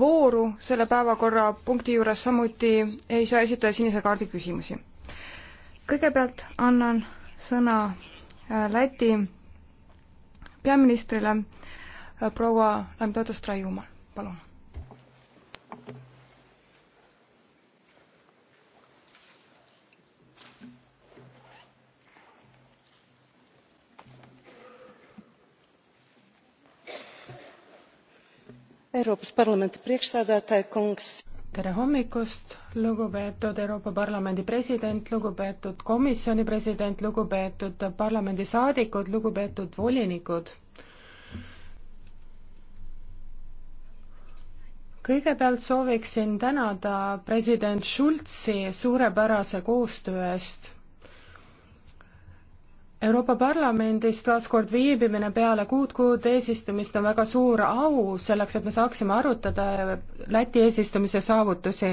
vooru selle päevakorrapunkti juures, samuti ei saa esitada sinise kaardi küsimusi. kõigepealt annan sõna äh, Läti peaministrile äh, proua Lamdotas Traiumal, palun Euroopas Parlamendi priekšsēdētāja kungs. tere hommikust, lugupeetud Euroopa Parlamendi president, lugupeetud komisjoni president, lugupeetud parlamendisaadikud, lugupeetud volinikud kõigepealt sooviksin tänada president Schulzi suurepärase koostöö eest Euroopa Parlamendis taas kord viibimine peale kuud kuud eesistumist on väga suur au selleks, et me saaksime arutada Läti eesistumise saavutusi.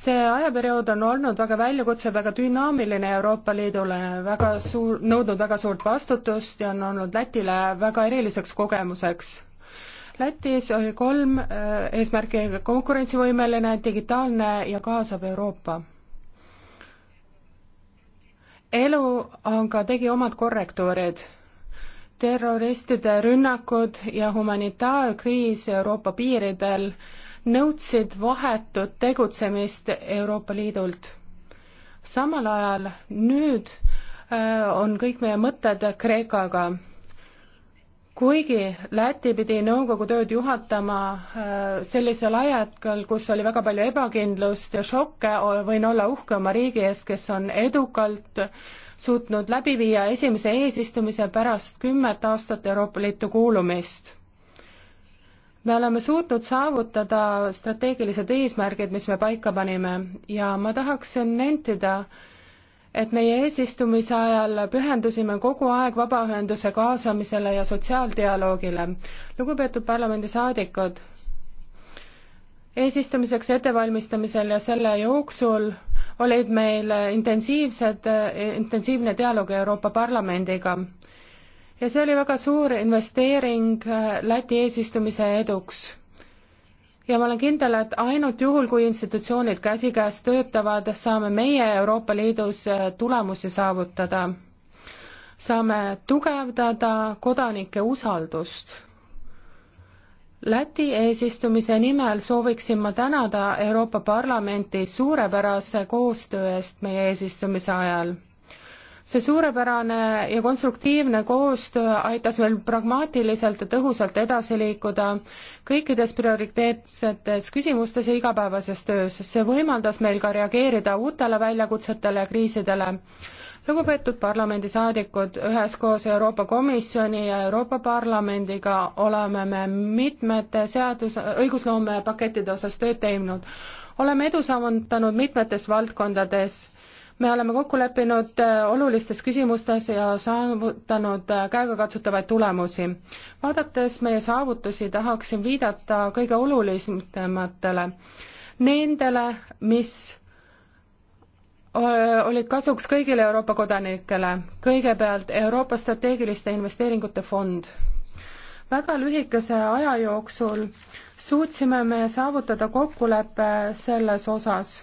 see ajaperiood on olnud väga väljakutsev, väga dünaamiline Euroopa Liidule, väga suur, nõudnud väga suurt vastutust ja on olnud Lätile väga eriliseks kogemuseks. Lätis oli kolm äh, eesmärki, konkurentsivõimeline, digitaalne ja kaasav Euroopa elu aga tegi omad korrektuurid. terroristide rünnakud ja humanitaarkriis Euroopa piiridel nõudsid vahetut tegutsemist Euroopa Liidult. samal ajal nüüd äh, on kõik meie mõtted Kreekaga kuigi Läti pidi nõukogu tööd juhatama äh, sellisel ajal, kus oli väga palju ebakindlust ja šokke, võin olla uhke oma riigi ees, kes on edukalt suutnud läbi viia esimese eesistumise pärast kümmet aastat Euroopa Liitu kuulumist. me oleme suutnud saavutada strateegilised eesmärgid, mis me paika panime ja ma tahaksin nentida, et meie eesistumise ajal pühendusime kogu aeg vabaühenduse kaasamisele ja sotsiaaldialoogile. lugupeetud parlamendisaadikud, eesistumiseks ettevalmistamisel ja selle jooksul olid meil intensiivsed, intensiivne dialoog Euroopa Parlamendiga. ja see oli väga suur investeering Läti eesistumise eduks ja ma olen kindel, et ainult juhul, kui institutsioonid käsikäes töötavad, saame meie Euroopa Liidus äh, tulemusi saavutada. saame tugevdada kodanike usaldust. Läti eesistumise nimel sooviksin ma tänada Euroopa Parlamenti suurepärase koostöö eest meie eesistumise ajal see suurepärane ja konstruktiivne koostöö aitas meil pragmaatiliselt ja tõhusalt edasi liikuda kõikides prioriteetsetes küsimustes ja igapäevases töös. see võimaldas meil ka reageerida uutele väljakutsetele ja kriisidele. lugupeetud parlamendisaadikud, üheskoos Euroopa Komisjoni ja Euroopa Parlamendiga oleme me mitmete seadus, õigusloome pakettide osas tööd teinud. oleme edu saavutanud mitmetes valdkondades me oleme kokku leppinud äh, olulistes küsimustes ja saavutanud äh, käegakatsutavaid tulemusi. vaadates meie saavutusi, tahaksin viidata kõige olulisematele, nendele, mis olid kasuks kõigile Euroopa kodanikele, kõigepealt Euroopa strateegiliste investeeringute fond. väga lühikese aja jooksul suutsime me saavutada kokkuleppe selles osas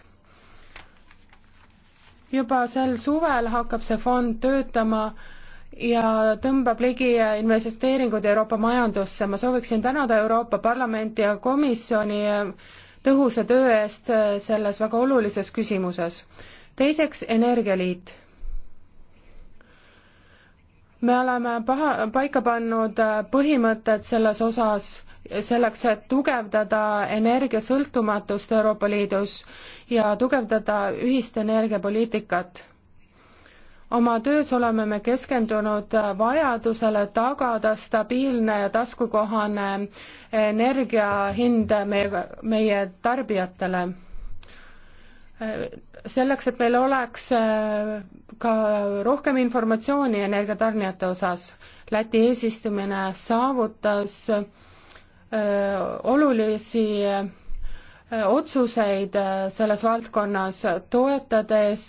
juba sel suvel hakkab see fond töötama ja tõmbab ligi investeeringud Euroopa majandusse. ma sooviksin tänada Euroopa Parlamenti ja komisjoni tõhusa töö eest selles väga olulises küsimuses. teiseks, Energialiit. me oleme paha, paika pannud põhimõtted selles osas selleks, et tugevdada energiasõltumatust Euroopa Liidus ja tugevdada ühist energiapoliitikat. oma töös oleme me keskendunud vajadusele tagada stabiilne ja taskukohane energia hind meie, meie tarbijatele selleks, et meil oleks äh, ka rohkem informatsiooni energiatarnijate osas, Läti eesistumine saavutas olulisi otsuseid selles valdkonnas toetades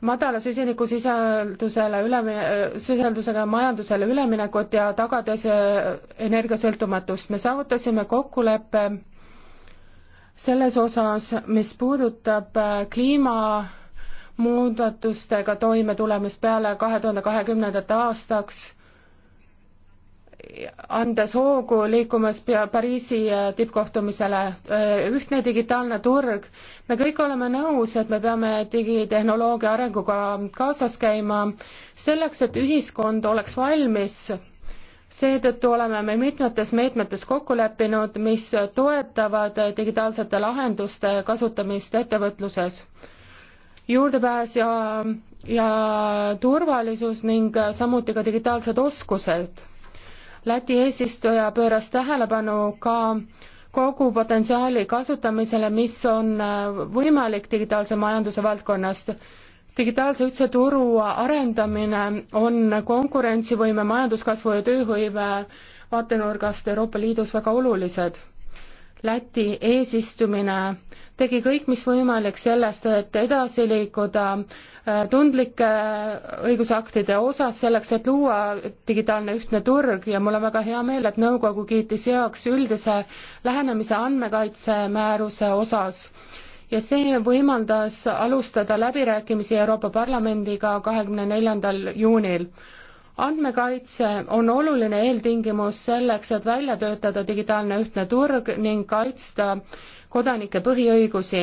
madala süsinikusisaldusele ülemine, sisaldusega majandusele üleminekut ja tagades energiasõltumatust. me saavutasime kokkuleppe selles osas, mis puudutab kliimamuudatustega toimetulemist peale kahe tuhande kahekümnendat aastaks andes hoogu liikumas Pariisi äh, tippkohtumisele, äh, ühtne digitaalne turg, me kõik oleme nõus, et me peame digitehnoloogia arenguga kaasas käima selleks, et ühiskond oleks valmis seetõttu oleme me mitmetes meetmetes kokku leppinud, mis toetavad digitaalsete lahenduste kasutamist ettevõtluses. juurdepääs ja, ja turvalisus ning samuti ka digitaalsed oskused Läti eesistuja pööras tähelepanu ka kogu potentsiaali kasutamisele, mis on äh, võimalik digitaalse majanduse valdkonnast. digitaalse ühtse turu arendamine on konkurentsivõime, majanduskasvu ja tööhõive vaatenurgast Euroopa Liidus väga olulised. Läti eesistumine tegi kõik, mis võimalik sellest, et edasi liikuda äh, tundlike äh, õigusaktide osas, selleks et luua digitaalne ühtne turg ja mul on väga hea meel, et nõukogu kiitis heaks üldise lähenemise andmekaitsemääruse osas. ja see võimaldas alustada läbirääkimisi Euroopa Parlamendiga kahekümne neljandal juunil andmekaitse on oluline eeltingimus selleks, et välja töötada digitaalne ühtne turg ning kaitsta äh, kodanike põhiõigusi.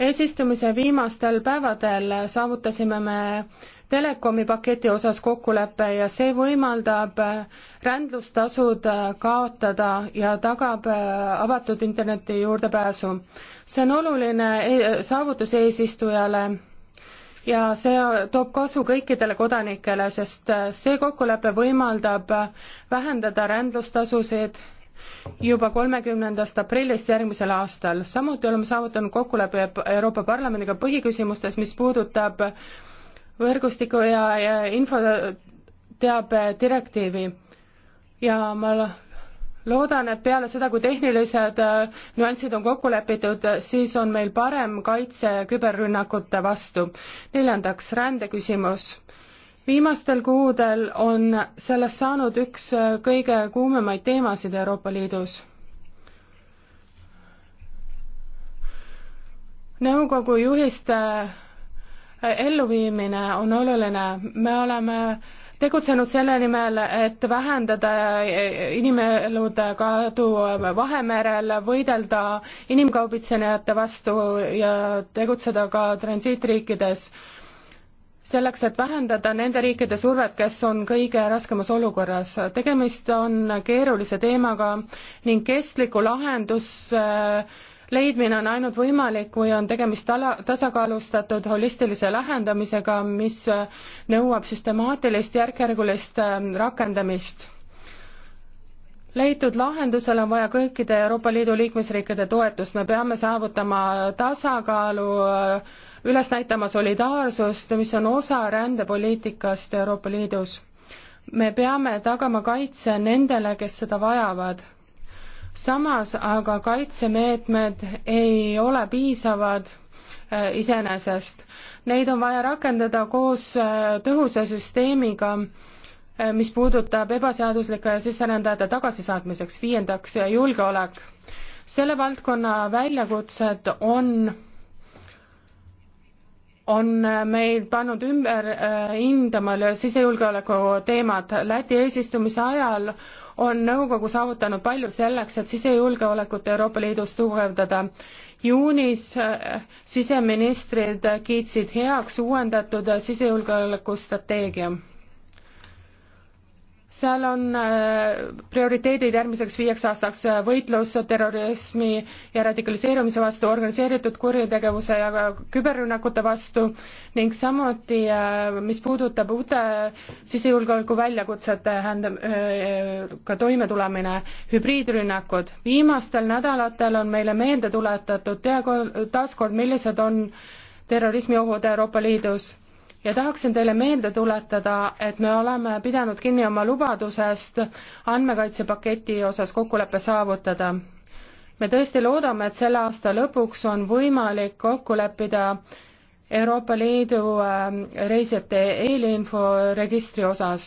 eesistumise viimastel päevadel saavutasime me telekomi paketi osas kokkulepe ja see võimaldab rändlustasud kaotada ja tagab avatud interneti juurdepääsu. see on oluline e-, saavutus eesistujale ja see toob kasu kõikidele kodanikele, sest see kokkulepe võimaldab vähendada rändlustasusid juba kolmekümnendast aprillist järgmisel aastal. samuti oleme saavutanud kokkuleppe Euroopa Parlamendiga põhiküsimustes, mis puudutab võrgustiku ja, ja infoteabe direktiivi. ja ma loodan, et peale seda, kui tehnilised äh, nüansid on kokku lepitud, siis on meil parem kaitse küberrünnakute vastu. neljandaks, rändeküsimus viimastel kuudel on sellest saanud üks äh, kõige kuumemaid teemasid Euroopa Liidus. nõukogu juhiste äh, elluviimine on oluline, me oleme tegutsenud selle nimel, et vähendada äh, inimelude kadu Vahemerel, võidelda inimkaubitsenejate vastu ja tegutseda ka transiitriikides selleks, et vähendada nende riikide survet, kes on kõige raskemas olukorras. tegemist on keerulise teemaga ning kestliku lahenduse leidmine on ainult võimalik, kui on tegemist tala, tasakaalustatud holistilise lähendamisega, mis nõuab süstemaatilist järk-järgulist ähm, rakendamist. leitud lahendusel on vaja kõikide Euroopa Liidu liikmesriikide toetust, me peame saavutama tasakaalu äh, üles näitama solidaarsust, mis on osa rändepoliitikast Euroopa Liidus. me peame tagama kaitse nendele, kes seda vajavad. samas aga kaitsemeetmed ei ole piisavad äh, iseenesest. Neid on vaja rakendada koos äh, tõhusa süsteemiga, äh, mis puudutab ebaseaduslike sisserändajate tagasisaatmiseks, viiendaks julgeolek. selle valdkonna väljakutsed on on äh, meil pannud ümber äh, hindama sisejulgeoleku teemad. Läti eesistumise ajal on nõukogu saavutanud palju selleks, et sisejulgeolekut Euroopa Liidus tugevdada. juunis äh, siseministrid kiitsid heaks uuendatud sisejulgeoleku strateegia seal on äh, prioriteedid järgmiseks viieks aastaks äh, võitlus terrorismi ja radikaliseerumise vastu, organiseeritud kuritegevuse ja küberrünnakute vastu ning samuti, äh, mis puudutab uute sisejulgeoleku väljakutsete ka toimetulemine, hübriidrünnakud. viimastel nädalatel on meile meelde tuletatud tea-, taaskord, millised on terrorismiohud Euroopa Liidus ja tahaksin teile meelde tuletada, et me oleme pidanud kinni oma lubadusest andmekaitsepaketi osas kokkulepe saavutada. me tõesti loodame, et selle aasta lõpuks on võimalik kokku leppida Euroopa Liidu ähm, reisijate eelinforegistri osas.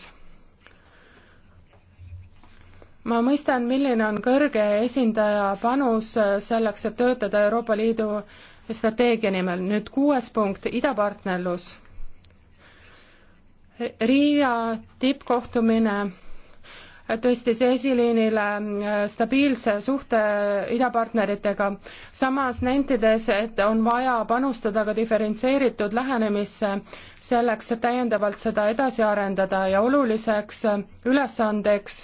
ma mõistan, milline on kõrge esindaja panus äh, selleks, et töötada Euroopa Liidu strateegia nimel. nüüd kuues punkt, idapartnerlus Riia tippkohtumine tõstis esiliinile äh, stabiilse suhte idapartneritega, samas nentides, et on vaja panustada ka diferentseeritud lähenemisse selleks, et täiendavalt seda edasi arendada ja oluliseks äh, ülesandeks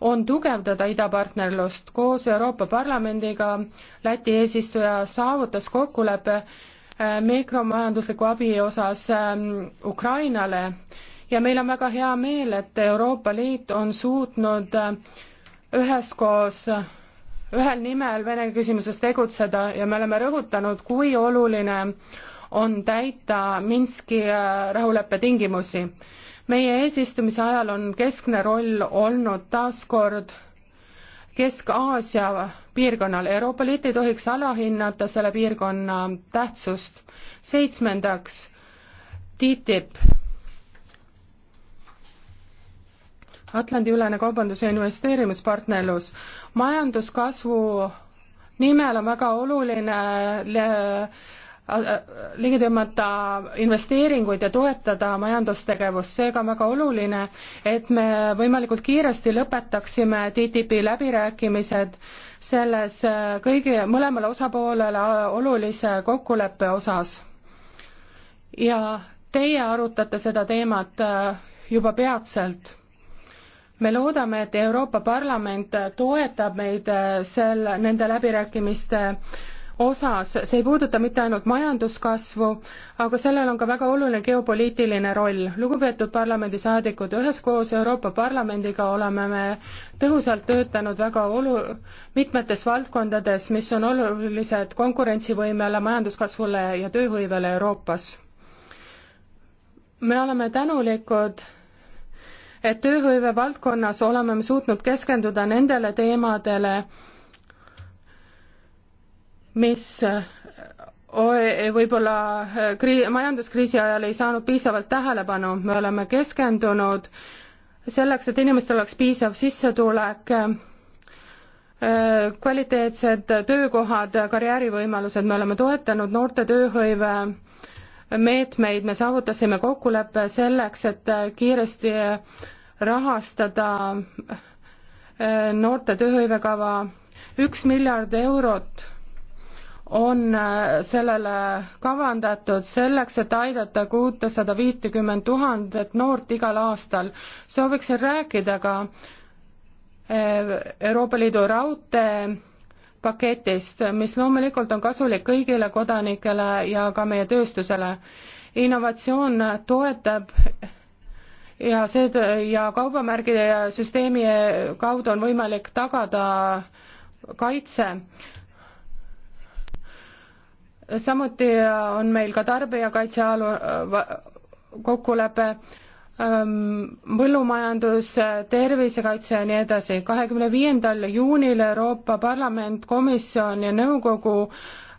on tugevdada idapartnerlust. koos Euroopa Parlamendiga Läti eesistuja saavutas kokkuleppe äh, mikromajandusliku abi osas ähm, Ukrainale ja meil on väga hea meel, et Euroopa Liit on suutnud äh, üheskoos äh, ühel nimel Vene küsimuses tegutseda ja me oleme rõhutanud, kui oluline on täita Minski äh, rahuleppe tingimusi. meie eesistumise ajal on keskne roll olnud taaskord Kesk-Aasia piirkonnal. Euroopa Liit ei tohiks alahinnata selle piirkonna tähtsust. seitsmendaks, TTIP Atlandi-ülene kaubandus- ja investeerimispartnerlus. majanduskasvu nimel on väga oluline äh, äh, ligi tõmmata investeeringuid ja toetada majandustegevust, seega on väga oluline, et me võimalikult kiiresti lõpetaksime TTIP-i läbirääkimised selles äh, kõigi, mõlemale osapoolele olulise kokkuleppe osas. ja teie arutate seda teemat juba peatselt me loodame, et Euroopa Parlament toetab meid äh, sel, nende läbirääkimiste äh, osas, see ei puuduta mitte ainult majanduskasvu, aga sellel on ka väga oluline geopoliitiline roll. lugupeetud parlamendisaadikud, üheskoos Euroopa Parlamendiga oleme me tõhusalt töötanud väga olu-, mitmetes valdkondades, mis on olulised konkurentsivõimele, majanduskasvule ja tööhõivele Euroopas. me oleme tänulikud et tööhõive valdkonnas oleme me suutnud keskenduda nendele teemadele, mis võib-olla eh, kri-, majanduskriisi ajal ei saanud piisavalt tähelepanu, me oleme keskendunud selleks, et inimestel oleks piisav sissetulek, eh, kvaliteetsed töökohad, karjäärivõimalused, me oleme toetanud noorte tööhõive meetmeid, me saavutasime kokkuleppe selleks, et kiiresti rahastada äh, noorte tööhõivekava, üks miljard eurot on äh, sellele kavandatud selleks, et aidata kuutesada viitekümmet tuhandet noort igal aastal. sooviksin rääkida ka äh, Euroopa Liidu raudtee paketist, mis loomulikult on kasulik kõigile kodanikele ja ka meie tööstusele. innovatsioon toetab ja see ja kaubamärgide süsteemi kaudu on võimalik tagada kaitse samuti on meil ka tarbijakaitse kokkulepe põllumajandus, tervisekaitse ja nii edasi. kahekümne viiendal juunil Euroopa Parlament, Komisjon ja Nõukogu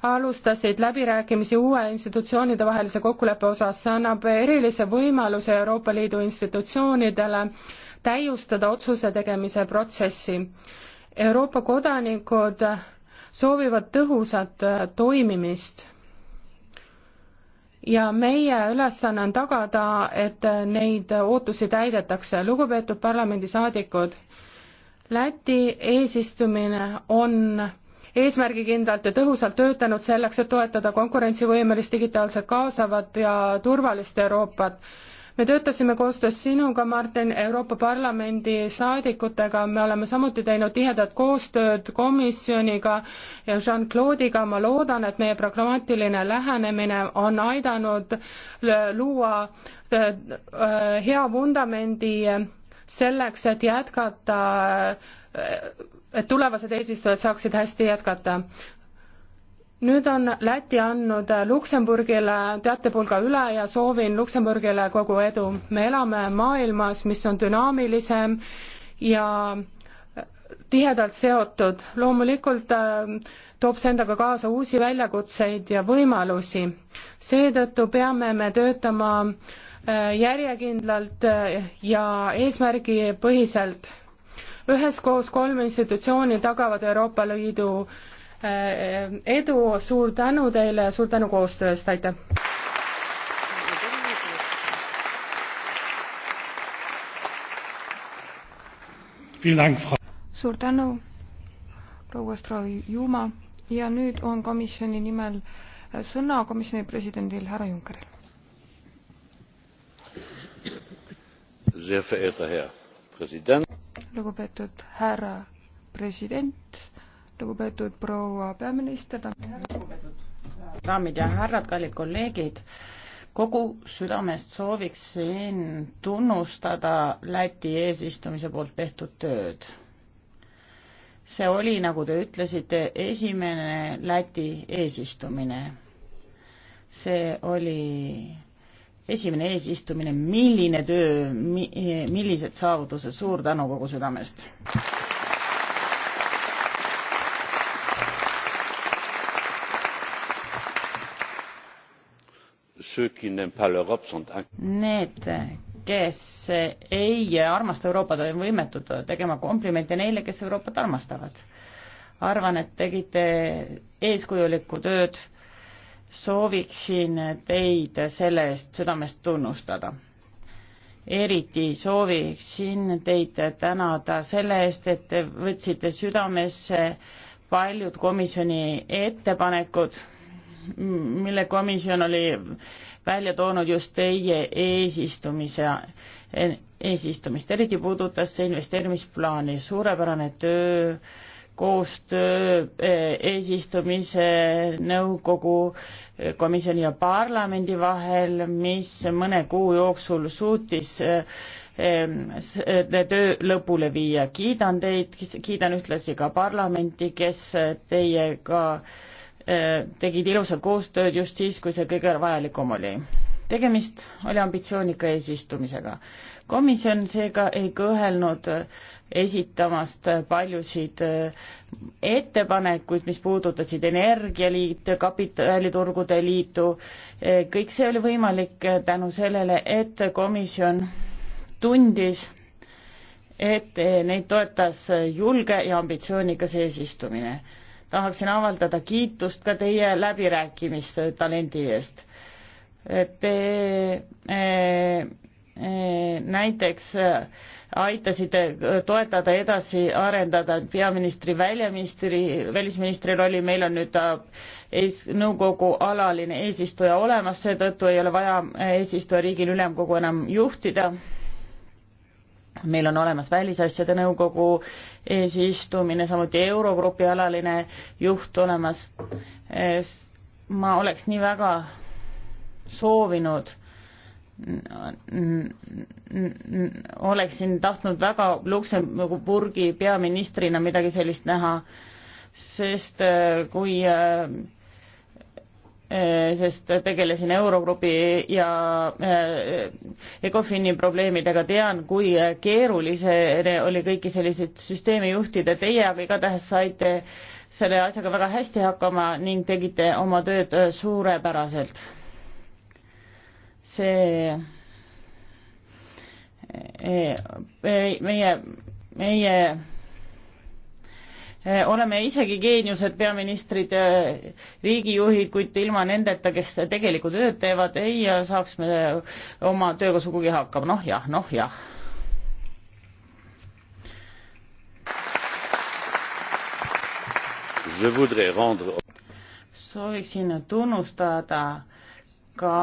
alustasid läbirääkimisi uue institutsioonide vahelise kokkuleppe osas, see annab erilise võimaluse Euroopa Liidu institutsioonidele täiustada otsuse tegemise protsessi. Euroopa kodanikud soovivad tõhusat toimimist ja meie ülesanne on tagada, et neid ootusi täidetakse. lugupeetud parlamendisaadikud, Läti eesistumine on eesmärgikindlalt ja tõhusalt töötanud selleks, et toetada konkurentsivõimelist, digitaalselt kaasavat ja turvalist Euroopat me töötasime koostöös sinuga, Martin, Euroopa Parlamendi saadikutega, me oleme samuti teinud tihedat koostööd komisjoniga ja Jean-Claude'iga, ma loodan, et meie pragmaatiline lähenemine on aidanud luua äh, äh, hea vundamendi selleks, et jätkata äh, et tulevased eesistujad saaksid hästi jätkata nüüd on Läti andnud Luksemburgile teatepulga üle ja soovin Luksemburgile kogu edu. me elame maailmas, mis on dünaamilisem ja tihedalt seotud. loomulikult äh, toob see endaga kaasa uusi väljakutseid ja võimalusi. seetõttu peame me töötama äh, järjekindlalt äh, ja eesmärgipõhiselt. üheskoos kolm institutsiooni tagavad Euroopa Liidu Äh, edu, suur tänu teile ja suur tänu koostöö eest, aitäh! suur tänu, proua Strojuma ja nüüd on komisjoni nimel äh, sõna komisjoni presidendil härra Junckeril. lugupeetud härra president lugupeetud proua peaminister, daamid ja härrad, kallid kolleegid, kogu südamest sooviksin tunnustada Läti eesistumise poolt tehtud tööd. see oli, nagu te ütlesite, esimene Läti eesistumine. see oli esimene eesistumine, milline töö, millised saavutused, suur tänu kogu südamest! Need, kes ei armasta Euroopat, on võimetud tegema komplimente neile, kes Euroopat armastavad. arvan, et tegite eeskujulikku tööd, sooviksin teid selle eest südamest tunnustada. eriti sooviksin teid tänada selle eest, et te võtsite südamesse paljud komisjoni ettepanekud mille komisjon oli välja toonud just teie eesistumise, eesistumist, eriti puudutas see investeerimisplaani, suurepärane töö, koostöö e, eesistumise, nõukogu, e, komisjoni ja parlamendi vahel, mis mõne kuu jooksul suutis e, töö lõpule viia. kiidan teid, kiidan ühtlasi ka parlamenti, kes teiega Äh, tegid ilusat koostööd just siis, kui see kõige vajalikum oli. tegemist oli ambitsioonika eesistumisega. komisjon seega ei kõhelnud äh, esitamast äh, paljusid ettepanekuid, mis puudutasid Energialiite, Kapitaliturgude Liitu, kõik see oli võimalik tänu sellele, et komisjon tundis, et neid toetas julge ja ambitsioonikas eesistumine tahaksin avaldada kiitust ka teie läbirääkimistalendi eest. Te e, e, näiteks eh, aitasite toetada, edasi arendada peaministri väljaministri, välisministri rolli, meil on nüüd ees, nõukogu alaline eesistuja olemas, seetõttu ei ole vaja eesistujariigil ülemkogu enam juhtida meil on olemas välisasjade nõukogu, eesistumine, samuti Eurogrupi alaline juht olemas. ma oleks nii väga soovinud, oleksin tahtnud väga Luksemburgi peaministrina midagi sellist näha, sest kui äh, Eh, sest tegelesin Eurogrupi ja eh, ECOFIN-i probleemidega, tean, kui eh, keeruline oli kõiki selliseid süsteeme juhtida, teie aga igatahes saite selle asjaga väga hästi hakkama ning tegite oma tööd suurepäraselt. see meie, meie Eh, oleme isegi geeniused, peaministrid, eh, riigijuhid, kuid ilma nendeta, kes tegelikku tööd teevad, ei saaks me eh, oma tööga sugugi hakkama, noh jah, noh jah. Rendre... sooviksin tunnustada ka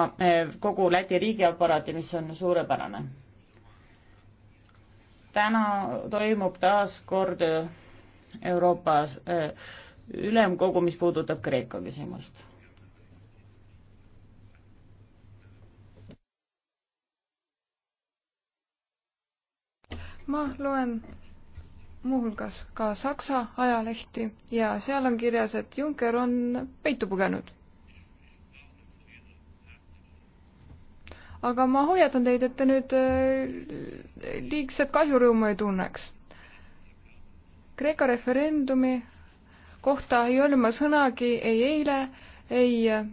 kogu Läti riigiaparaati, mis on suurepärane. täna toimub taas kord Euroopa Ülemkogu, mis puudutab Kreeka küsimust. ma loen muuhulgas ka Saksa ajalehti ja seal on kirjas, et Juncker on peitu pugenud aga ma hoiatan teid, et te nüüd äh, liigset kahjurõõmu ei tunneks. Kreeka referendumi kohta ei öelnud ma sõnagi ei eile, ei äh,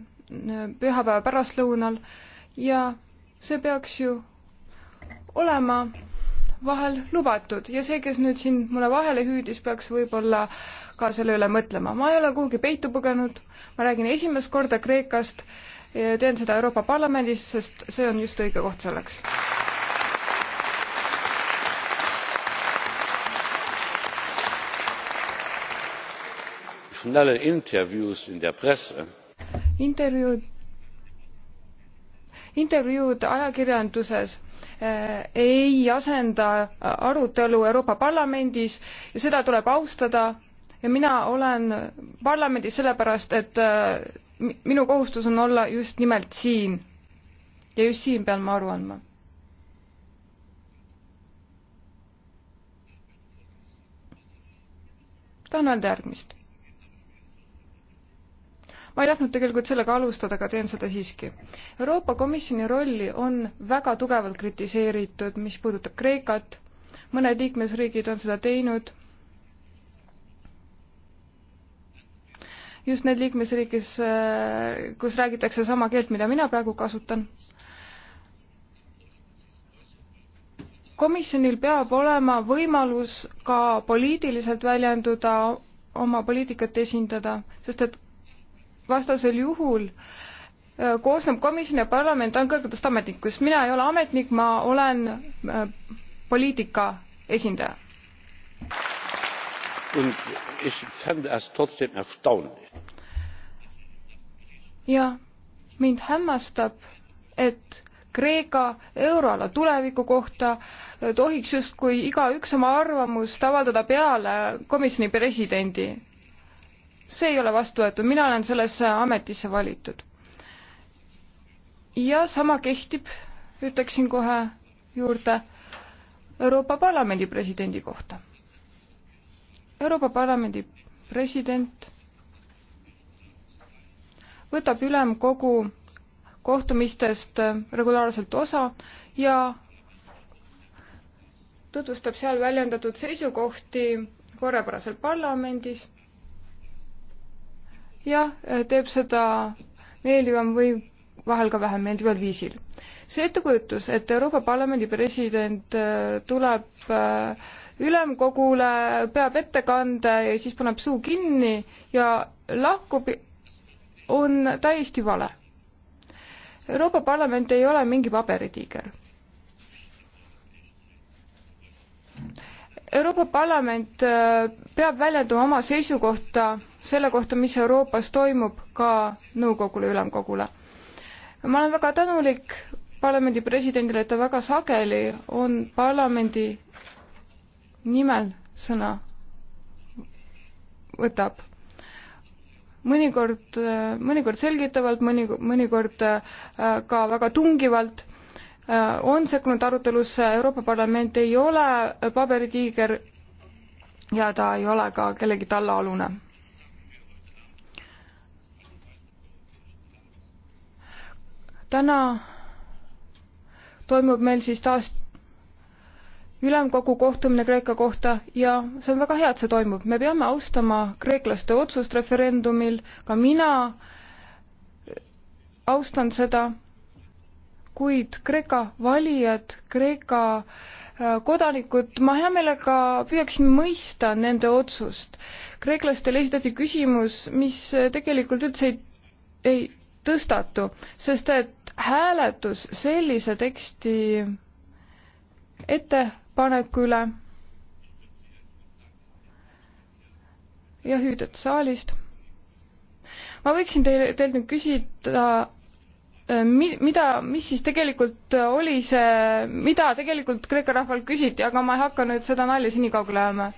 pühapäeva pärastlõunal ja see peaks ju olema vahel lubatud ja see, kes nüüd siin mulle vahele hüüdis, peaks võib-olla ka selle üle mõtlema. ma ei ole kuhugi peitu pugenud, ma räägin esimest korda Kreekast, teen seda Euroopa Parlamendis, sest see on just õige koht selleks. schnellen interviews in der presse intervjuud intervjuud ajakirjanduses eh, ei asenda arutelu Euroopa Parlamendis ja seda tuleb austada ja mina olen parlamendis sellepärast, et eh, minu kohustus on olla just nimelt siin. ja just siin pean ma aru andma. tahan öelda järgmist ma ei tahtnud tegelikult sellega alustada, aga teen seda siiski. Euroopa Komisjoni rolli on väga tugevalt kritiseeritud, mis puudutab Kreekat, mõned liikmesriigid on seda teinud, just need liikmesriigis, äh, kus räägitakse sama keelt, mida mina praegu kasutan, komisjonil peab olema võimalus ka poliitiliselt väljenduda, oma poliitikat esindada, sest et vastasel juhul äh, koosneb komisjon ja parlament ainult kõrgetest ametnikest. mina ei ole ametnik, ma olen äh, poliitika esindaja. ja mind hämmastab, et Kreeka euroala tuleviku kohta äh, tohiks justkui igaüks oma arvamust avaldada peale komisjoni presidendi see ei ole vastu võetud, mina olen sellesse ametisse valitud. ja sama kehtib, ütleksin kohe juurde, Euroopa Parlamendi presidendi kohta. Euroopa Parlamendi president võtab ülemkogu kohtumistest regulaarselt osa ja tutvustab seal väljendatud seisukohti korrapäraselt parlamendis ja teeb seda meeldivam või vahel ka vähem meeldival viisil. see ettekujutus, et Euroopa Parlamendi president äh, tuleb äh, ülemkogule, peab ettekande ja siis paneb suu kinni ja lahkub, on täiesti vale. Euroopa Parlament ei ole mingi paberitiiger Euroopa Parlament äh, peab väljendama oma seisukohta selle kohta, mis Euroopas toimub, ka nõukogule, ülemkogule. ma olen väga tänulik parlamendi presidendile, et ta väga sageli on parlamendi nimel sõna võtab. mõnikord, äh, mõnikord selgitavalt, mõni, mõnikord äh, ka väga tungivalt Äh, on sekkunud arutelusse, äh, Euroopa Parlament ei ole äh, paberitiiger ja ta ei ole ka kellegi tallaalune. täna toimub meil siis taas ülemkogu kohtumine Kreeka kohta ja see on väga hea, et see toimub, me peame austama kreeklaste otsust referendumil, ka mina austan seda kuid Kreeka valijad, Kreeka äh, kodanikud, ma hea meelega püüaksin mõista nende otsust. kreeklastele esitati küsimus, mis äh, tegelikult üldse ei, ei tõstatu, sest et hääletus sellise teksti ettepaneku üle ja hüüded saalist. ma võiksin teile, teilt nüüd küsida Äh, mi-, mida, mis siis tegelikult äh, oli see, mida tegelikult Kreeka rahval küsiti, aga ma ei hakka nüüd seda nalja siin nii kaugele ajama.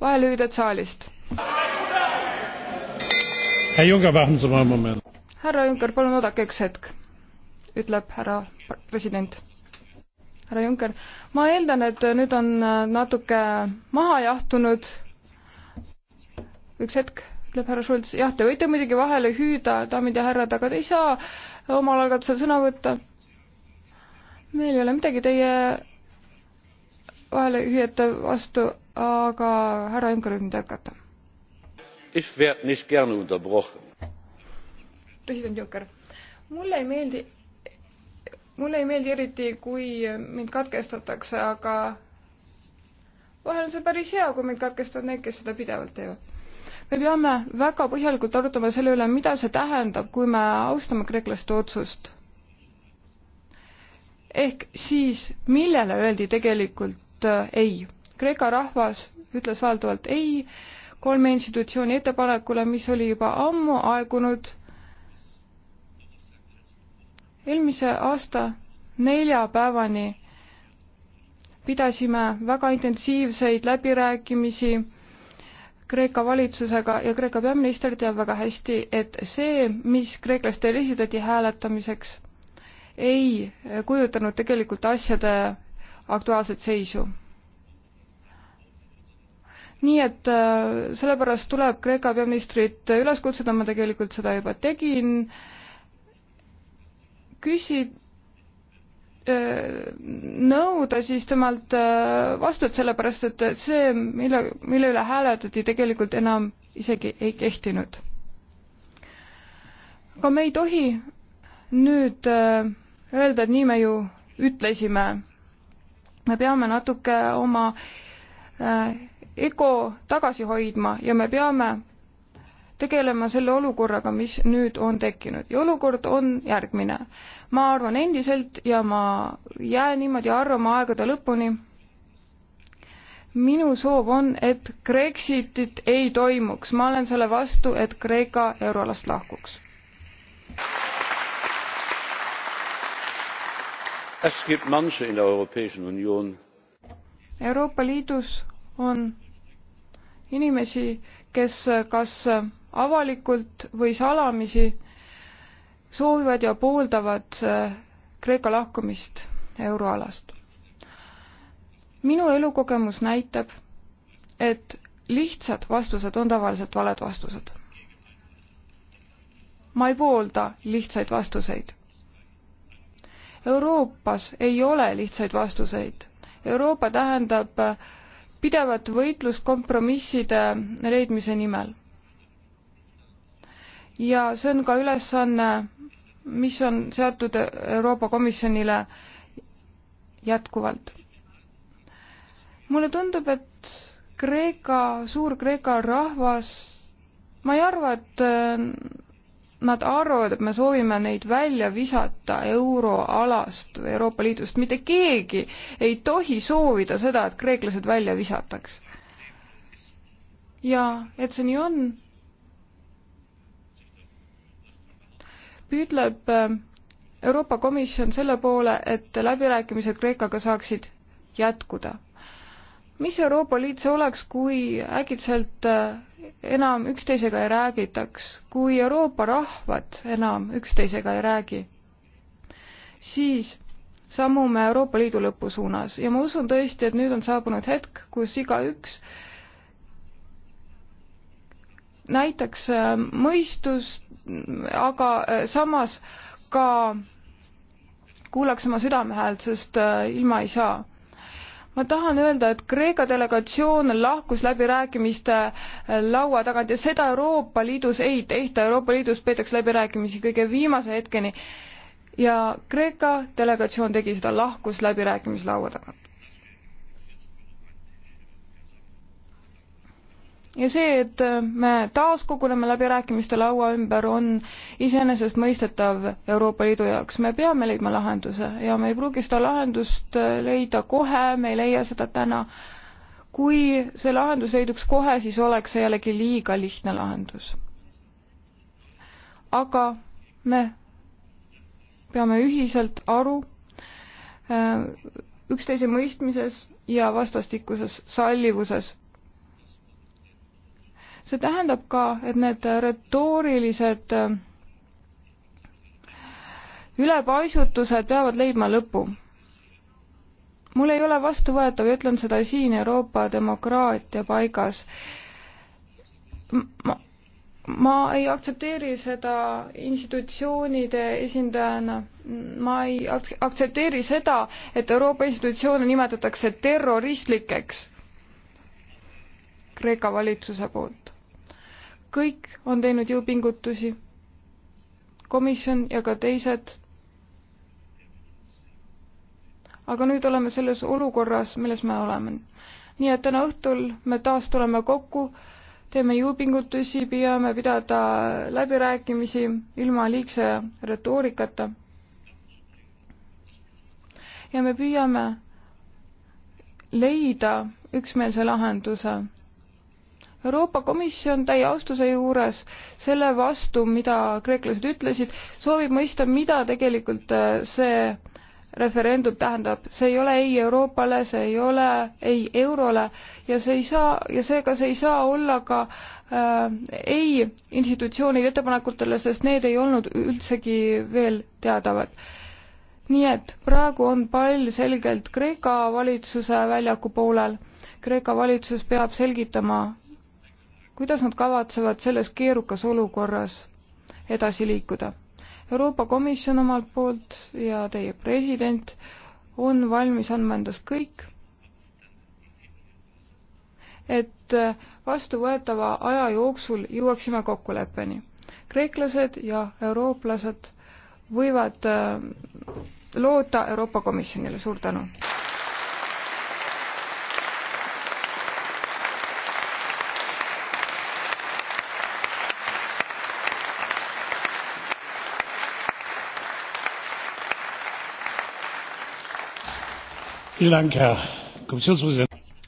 vahelühidad saalist. härra Juncker, palun oodake üks hetk, ütleb härra president. härra Juncker, ma eeldan, et nüüd on äh, natuke maha jahtunud, üks hetk, ütleb härra Schulz, jah, te võite muidugi vahele hüüda, daamid ja härrad, aga te ei saa omal algatusel sõna võtta. meil ei ole midagi teie vahele hüüete vastu, aga härra Imkar võib nüüd jätkata. president Juncker, mulle ei meeldi, mulle ei meeldi eriti, kui mind katkestatakse, aga vahel on see päris hea, kui mind katkestavad need, kes seda pidevalt teevad me peame väga põhjalikult arutama selle üle, mida see tähendab, kui me austame kreeklaste otsust. ehk siis, millele öeldi tegelikult äh, ei? Kreeka rahvas ütles valdavalt ei kolme institutsiooni ettepanekule, mis oli juba ammu aegunud. eelmise aasta neljapäevani pidasime väga intensiivseid läbirääkimisi Kreeka valitsusega ja Kreeka peaminister teab väga hästi, et see, mis kreeklastele esitati hääletamiseks, ei kujutanud tegelikult asjade aktuaalset seisu. nii et äh, sellepärast tuleb Kreeka peaministrit üles kutsuda, ma tegelikult seda juba tegin, küsi-, Äh, nõuda siis temalt äh, vastut, sellepärast et see, mille, mille üle hääletati, tegelikult enam isegi ei kehtinud. aga me ei tohi nüüd äh, öelda, et nii me ju ütlesime. me peame natuke oma ego tagasi hoidma ja me peame tegelema selle olukorraga, mis nüüd on tekkinud ja olukord on järgmine. ma arvan endiselt ja ma jään niimoodi arvama aegade lõpuni, minu soov on, et Brexitit ei toimuks, ma olen selle vastu, et Kreeka euroalast lahkuks. Euroopa Liidus on inimesi, kes kas avalikult või salamisi soovivad ja pooldavad äh, Kreeka lahkumist euroalast. minu elukogemus näitab, et lihtsad vastused on tavaliselt valed vastused. ma ei poolda lihtsaid vastuseid. Euroopas ei ole lihtsaid vastuseid. Euroopa tähendab äh, pidevat võitlust kompromisside leidmise nimel ja see on ka ülesanne, mis on seatud Euroopa Komisjonile jätkuvalt. mulle tundub, et Kreeka, Suur-Kreeka rahvas, ma ei arva, et äh, nad arvavad, et me soovime neid välja visata euroalast või Euroopa Liidust, mitte keegi ei tohi soovida seda, et kreeklased välja visataks. ja et see nii on, püüdleb äh, Euroopa Komisjon selle poole, et läbirääkimised Kreekaga saaksid jätkuda. mis Euroopa Liit see oleks, kui äkitselt äh, enam üksteisega ei räägitaks, kui Euroopa rahvad enam üksteisega ei räägi, siis sammume Euroopa Liidu lõpu suunas ja ma usun tõesti, et nüüd on saabunud hetk, kus igaüks äh, näiteks äh, mõistust, aga äh, samas ka kuulaks oma südame häält, sest äh, ilma ei saa. ma tahan öelda, et Kreeka delegatsioon lahkus läbirääkimiste laua tagant ja seda Euroopa Liidus ei tehta, Euroopa Liidus peetakse läbirääkimisi kõige viimase hetkeni ja Kreeka delegatsioon tegi seda, lahkus läbirääkimislaua tagant. ja see, et me taas koguneme läbirääkimiste laua ümber, on iseenesestmõistetav Euroopa Liidu jaoks. me peame leidma lahenduse ja me ei pruugi seda lahendust leida kohe, me ei leia seda täna. kui see lahendus leiduks kohe, siis oleks see jällegi liiga lihtne lahendus. aga me peame ühiselt aru äh, üksteise mõistmises ja vastastikuses sallivuses see tähendab ka, et need retoorilised äh, ülepaisutused peavad leidma lõpu. mul ei ole vastuvõetav ja ütlen seda siin Euroopa demokraatia paigas. ma, ma ei aktsepteeri seda institutsioonide esindajana, ma ei aktsepteeri seda, et Euroopa institutsioone nimetatakse terroristlikeks Kreeka valitsuse poolt kõik on teinud jõupingutusi, komisjon ja ka teised. aga nüüd oleme selles olukorras, milles me oleme. nii et täna õhtul me taas tuleme kokku, teeme jõupingutusi, püüame pidada läbirääkimisi ilma liigse retoorikata. ja me püüame leida üksmeelse lahenduse Euroopa Komisjon täie austuse juures selle vastu, mida kreeklased ütlesid, soovib mõista, mida tegelikult äh, see referendum tähendab, see ei ole ei Euroopale, see ei ole ei eurole ja see ei saa ja seega see ei saa olla ka äh, ei institutsioonide ettepanekutele, sest need ei olnud üldsegi veel teadavad nii et praegu on pall selgelt Kreeka valitsuse väljaku poolel. Kreeka valitsus peab selgitama kuidas nad kavatsevad selles keerukas olukorras edasi liikuda? Euroopa Komisjon omalt poolt ja teie president on valmis andma endast kõik, et vastuvõetava aja jooksul jõuaksime kokkuleppeni. kreeklased ja eurooplased võivad äh, loota Euroopa Komisjonile, suur tänu!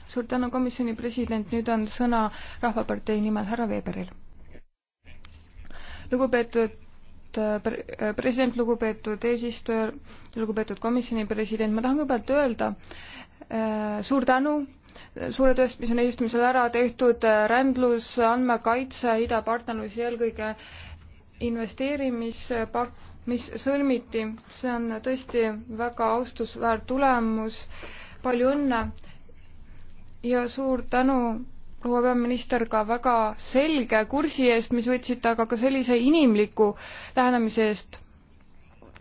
suur tänu, komisjoni president, nüüd on sõna Rahvapartei nimel härra Weberil. lugupeetud äh, äh, president, lugupeetud eesistuja, lugupeetud komisjoni president, ma tahan kõigepealt öelda äh, suur tänu suure tööst, mis on eesistumisel ära tehtud, rändlus, andmekaitse, idapartnerlus ja eelkõige investeerimispakk mis sõlmiti, see on tõesti väga austusväärt tulemus, palju õnne ja suur tänu, proua peaminister, ka väga selge kursi eest, mis võtsite, aga ka sellise inimliku lähenemise eest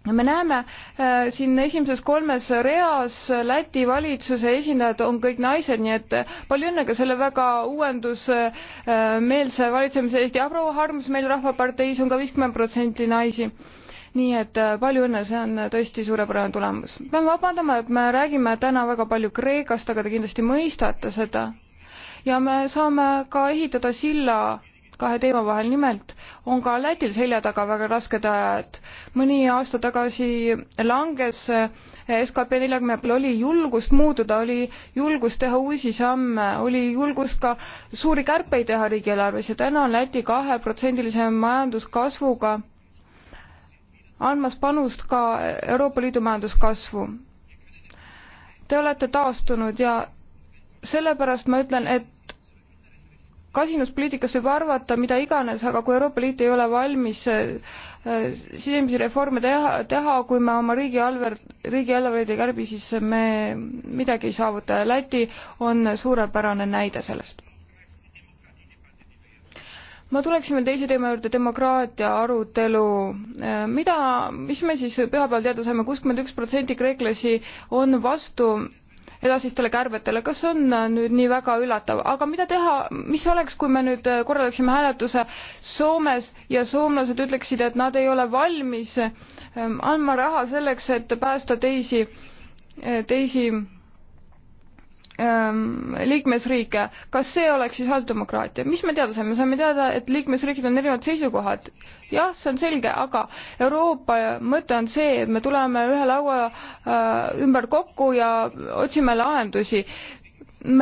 me näeme äh, siin esimeses kolmes reas Läti valitsuse esindajad on kõik naised, nii et palju õnne ka selle väga uuendusmeelse äh, valitsemise eest ja proua Harms meil Rahvaparteis on ka viiskümmend protsenti naisi nii et äh, palju õnne, see on äh, tõesti suurepärane tulemus. pean vabandama, et me räägime täna väga palju Kreekast, aga te kindlasti mõistate seda. ja me saame ka ehitada silla kahe teema vahel, nimelt on ka Lätil selja taga väga rasked ajad. mõni aasta tagasi langes äh, skp neljakümne peale, oli julgust muutuda, oli julgust teha uusi samme, oli julgust ka suuri kärpeid teha riigieelarves ja täna on Läti kaheprotsendilise majanduskasvuga andmas panust ka Euroopa Liidu majanduskasvu. Te olete taastunud ja sellepärast ma ütlen, et kasinuspoliitikast võib arvata mida iganes, aga kui Euroopa Liit ei ole valmis äh, sisemisi reforme teha, teha, kui me oma riigi allver-, riigieelarveid ei kärbi, siis me midagi ei saavuta ja Läti on suurepärane näide sellest ma tuleksin veel teise teema juurde, demokraatia arutelu. Äh, mida, mis me siis pühapäeval teada saime, kuuskümmend üks protsenti kreeklasi on vastu edasistele kärbetele, kas on äh, nüüd nii väga üllatav, aga mida teha, mis oleks, kui me nüüd äh, korraldaksime hääletuse Soomes ja soomlased ütleksid, et nad ei ole valmis ähm, andma raha selleks, et päästa teisi, teisi Ähm, liikmesriike, kas see oleks siis halb demokraatia? mis me teada saime, saime teada, et liikmesriigid on erinevad seisukohad. jah, see on selge, aga Euroopa mõte on see, et me tuleme ühe laua äh, ümber kokku ja otsime lahendusi.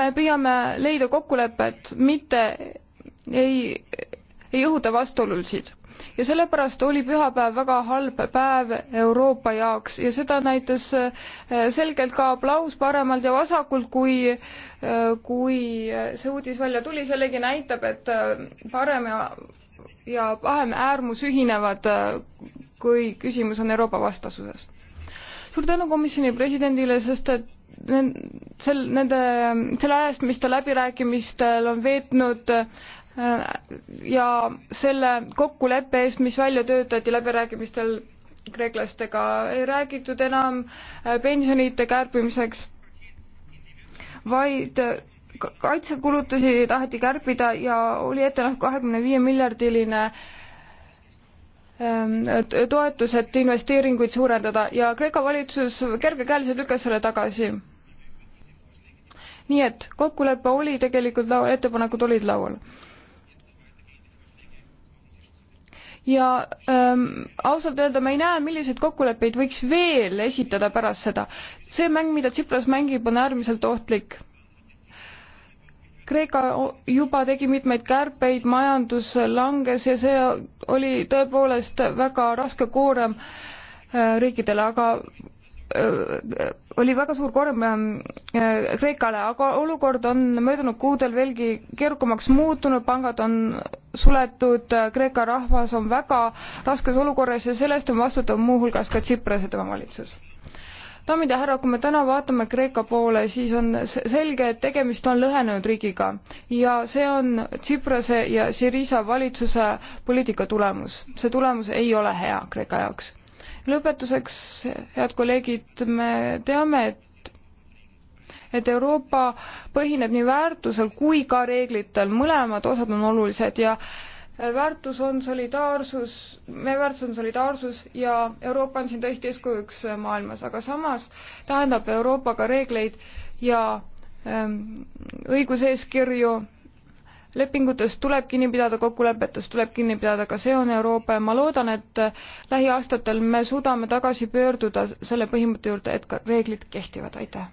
me püüame leida kokkulepet, mitte ei, ei õhuta vastuolusid ja sellepärast oli pühapäev väga halb päev Euroopa jaoks ja seda näitas äh, selgelt ka aplaus paremalt ja vasakult, kui äh, kui see uudis välja tuli, sellegi näitab, et äh, parem ja ja pahem äärmus ühinevad, kui küsimus on Euroopa vastasuses. suur tänu komisjoni presidendile, sest et sel, nende, selle ajast, mis ta läbirääkimistel on veetnud äh, ja selle kokkuleppe eest, mis välja töötati läbirääkimistel kreeklastega, ei räägitud enam äh, pensionite kärpimiseks, vaid äh, kaitsekulutusi taheti kärpida ja oli ette nähtud kahekümne viie miljardiline ähm, toetus, et investeeringuid suurendada ja Kreeka valitsus kergekäeliselt lükkas selle tagasi. nii et kokkulepe oli tegelikult laual, ettepanekud olid laual ja ähm, ausalt öelda ma ei näe, milliseid kokkuleppeid võiks veel esitada pärast seda. see mäng, mida Tsipras mängib, on äärmiselt ohtlik. Kreeka juba tegi mitmeid kärpeid, majandus langes ja see oli tõepoolest väga raske koorem äh, riikidele, aga Äh, oli väga suur korm ähm, äh, Kreekale, aga olukord on möödunud kuudel veelgi keerukamaks muutunud, pangad on suletud, äh, Kreeka rahvas on väga raskes olukorras ja selle eest on vastutav muuhulgas ka Tsiprase tema valitsus. daamid ja härrad, kui me täna vaatame Kreeka poole, siis on selge, et tegemist on lõhenenud riigiga ja see on Tsiprase ja Syriza valitsuse poliitika tulemus. see tulemus ei ole hea Kreeka jaoks lõpetuseks, head kolleegid, me teame, et, et Euroopa põhineb nii väärtusel kui ka reeglitel, mõlemad osad on olulised ja väärtus on solidaarsus, meie väärtus on solidaarsus ja Euroopa on siin tõesti eeskujuks maailmas, aga samas tähendab Euroopa ka reegleid ja ähm, õiguseeskirju lepingutest tuleb kinni pidada, kokkulepetest tuleb kinni pidada, ka see on Euroopa ja ma loodan, et lähiaastatel me suudame tagasi pöörduda selle põhimõtte juurde, et ka reeglid kehtivad, aitäh.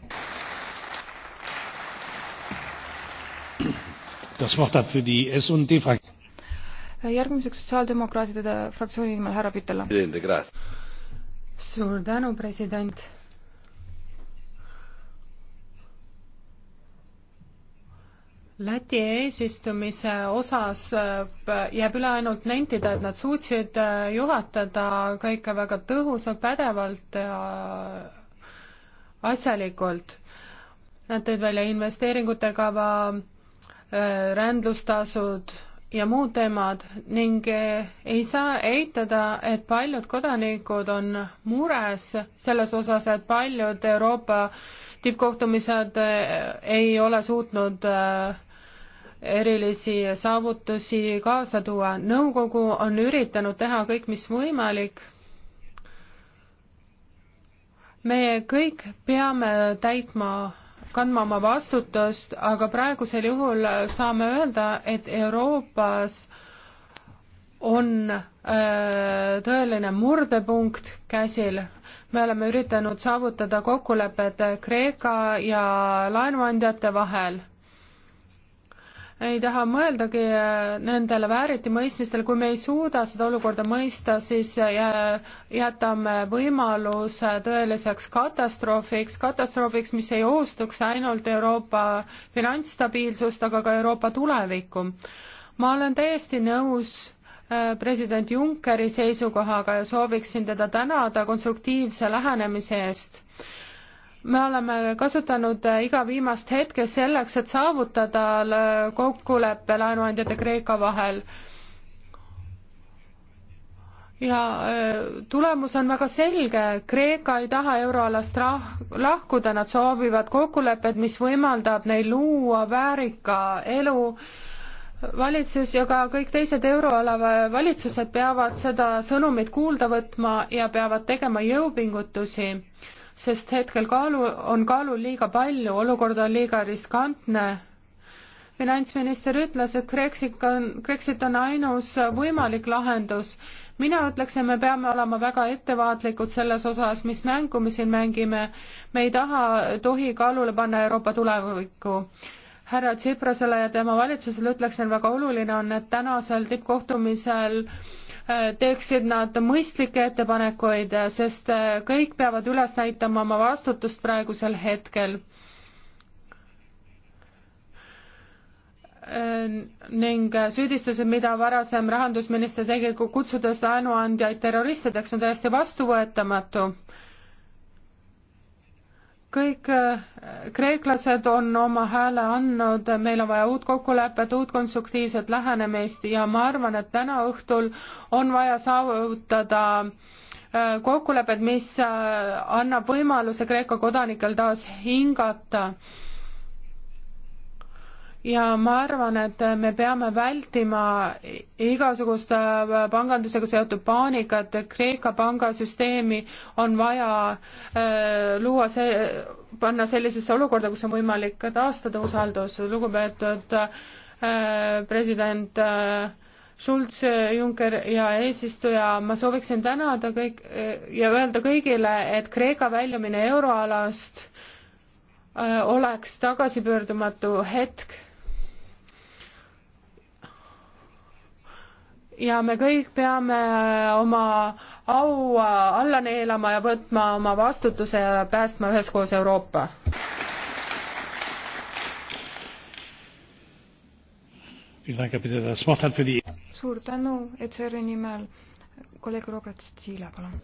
järgmiseks sotsiaaldemokraatide fraktsiooni nimel härra Pitela. suur tänu, president Läti eesistumise osas äh, jääb üle ainult nentida, et nad suutsid äh, juhatada kõike väga tõhusalt, pädevalt ja asjalikult. Nad tõid välja investeeringute kava, äh, rändlustasud ja muud teemad ning ei saa eitada, et paljud kodanikud on mures selles osas, et paljud Euroopa tippkohtumised ei ole suutnud äh, erilisi saavutusi kaasa tuua. nõukogu on üritanud teha kõik, mis võimalik. me kõik peame täitma, kandma oma vastutust, aga praegusel juhul saame öelda, et Euroopas on äh, tõeline murdepunkt käsil. me oleme üritanud saavutada kokkulepet Kreeka ja laenuandjate vahel ei taha mõeldagi äh, nendele vääritimõistmistele, kui me ei suuda seda olukorda mõista, siis äh, jätame võimaluse tõeliseks katastroofiks, katastroofiks, mis ei ohustuks ainult Euroopa finantsstabiilsust, aga ka Euroopa tulevikku. ma olen täiesti nõus äh, president Junckeri seisukohaga ja sooviksin teda tänada konstruktiivse lähenemise eest me oleme kasutanud äh, iga viimast hetke selleks, et saavutada äh, kokkulepe laenuandjate Kreeka vahel. ja äh, tulemus on väga selge, Kreeka ei taha euroalast lahkuda, nad soovivad kokkulepet, mis võimaldab neil luua väärika elu valitsus ja ka kõik teised euroala valitsused peavad seda sõnumit kuulda võtma ja peavad tegema jõupingutusi sest hetkel kaalu, on kaalul liiga palju, olukord on liiga riskantne. finantsminister ütles, et Brexit on, Brexit on ainus võimalik lahendus. mina ütleksin, me peame olema väga ettevaatlikud selles osas, mis mängu me siin mängime. me ei taha, tohi kaalule panna Euroopa tulevikku härra Tsiprasele ja tema valitsusele ütleksin, väga oluline on, et tänasel tippkohtumisel äh, teeksid nad mõistlikke ettepanekuid, sest kõik peavad üles näitama oma vastutust praegusel hetkel. ning süüdistused, mida varasem rahandusminister tegi, kutsudes laenuandjaid terroristideks, on täiesti vastuvõetamatu kõik äh, kreeklased on oma hääle andnud, meil on vaja uut kokkulepet, uut konstruktiivset lähenemist ja ma arvan, et täna õhtul on vaja saavutada äh, kokkulepet, mis äh, annab võimaluse Kreeka kodanikel taas hingata ja ma arvan, et me peame vältima igasugust pangandusega seotud paanikat, Kreeka pangasüsteemi on vaja äh, luua see, panna sellisesse olukorda, kus on võimalik taastada usaldus, lugupeetud äh, president äh, Schulz, Juncker ja eesistuja, ma sooviksin tänada kõik äh, ja öelda kõigile, et Kreeka väljumine euroalast äh, oleks tagasipöördumatu hetk ja me kõik peame äh, oma au äh, alla neelama ja võtma oma vastutuse ja päästma üheskoos Euroopa. suur tänu, et selle nimel kolleeg Robert Stiila, palun.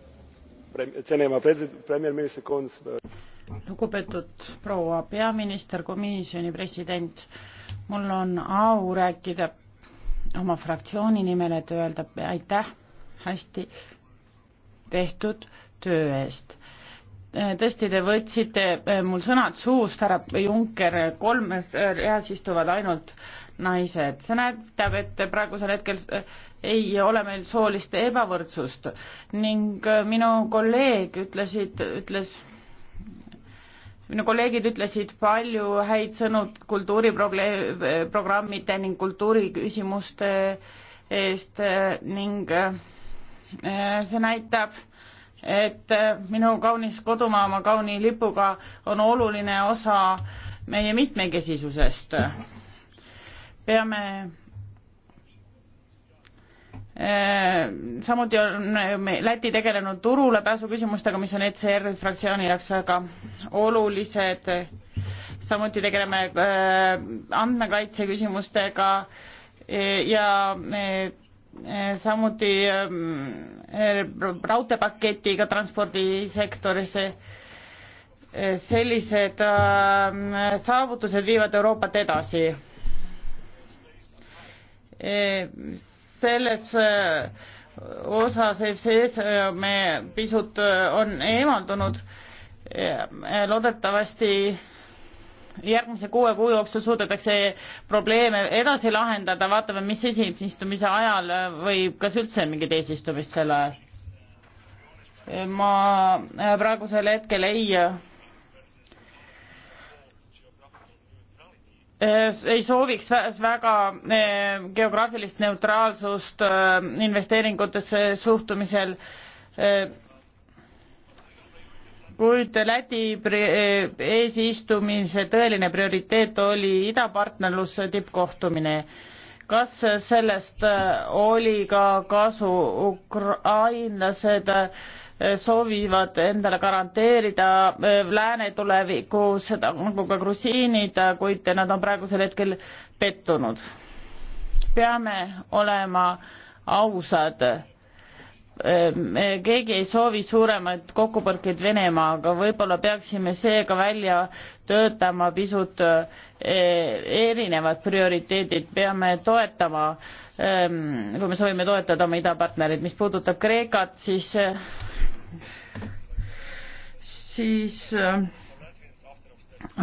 lugupeetud proua peaminister, komisjoni president, mul on au rääkida oma fraktsiooni nimel, et öelda aitäh hästi tehtud töö eest. tõesti, te võtsite eh, mul sõnad suust, härra Juncker, kolmes reas istuvad ainult naised, see näitab, et praegusel hetkel eh, ei ole meil soolist ebavõrdsust ning eh, minu kolleeg ütlesid, ütles minu kolleegid ütlesid palju häid sõnu kultuuriprogrammide ning kultuuriküsimuste eest eh, ning eh, see näitab, et eh, minu kaunis kodumaa oma kauni lipuga on oluline osa meie mitmekesisusest. peame Äh, samuti on Läti tegelenud turulepääsu küsimustega, mis on ECR fraktsiooni jaoks väga olulised. samuti tegeleme äh, andmekaitse küsimustega äh, ja samuti raudteepaketiga transpordisektoris sellised saavutused viivad Euroopat edasi selles äh, osas FCS äh, me pisut äh, on eemaldunud. loodetavasti järgmise kuue kuu jooksul suudetakse probleeme edasi lahendada, vaatame, mis esimesistumise ajal või kas üldse mingit eesistumist sel ajal. ma praegusel hetkel ei Äh, ei sooviks väga äh, geograafilist neutraalsust äh, investeeringutesse suhtumisel kuid Läti eesistumise tõeline prioriteet oli idapartnerluse tippkohtumine. kas sellest oli ka kasu, ukrainlased Eh, soovivad endale garanteerida eh, lääne tulevikku, seda nagu ka grusiinid, eh, kuid nad on praegusel hetkel pettunud. peame olema ausad Ehm, keegi ei soovi suuremaid kokkupõrkeid Venemaaga, võib-olla peaksime seega välja töötama pisut e, erinevad prioriteedid, peame toetama, ehm, kui me soovime toetada oma idapartnereid, mis puudutab Kreekat, siis e, siis e,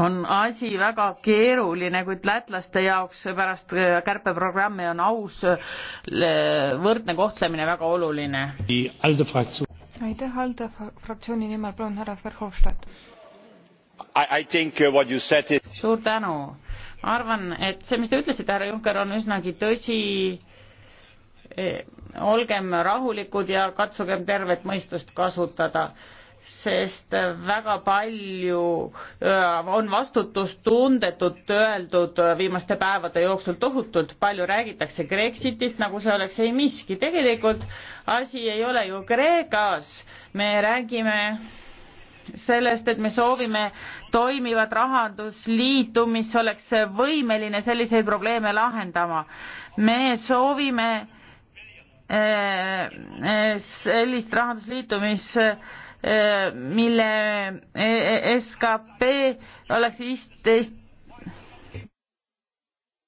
on asi väga keeruline, kuid lätlaste jaoks pärast kärpeprogrammi on aus võrdne kohtlemine väga oluline. aitäh, ALDE fraktsiooni nimel, palun härra Verhofstadt. Uh, suur tänu. ma arvan, et see, mis te ütlesite, härra Juncker, on üsnagi tõsi e, olgem rahulikud ja katsugem tervet mõistust kasutada sest väga palju äh, on vastutustundetut öeldud äh, viimaste päevade jooksul tohutult palju räägitakse Brexitist, nagu see oleks ei miski. tegelikult asi ei ole ju Kreekas, me räägime sellest, et me soovime toimivat rahandusliitu, mis oleks võimeline selliseid probleeme lahendama. me soovime äh, sellist rahandusliitu, mis Äh, mille äh, äh, SKP oleks viisteist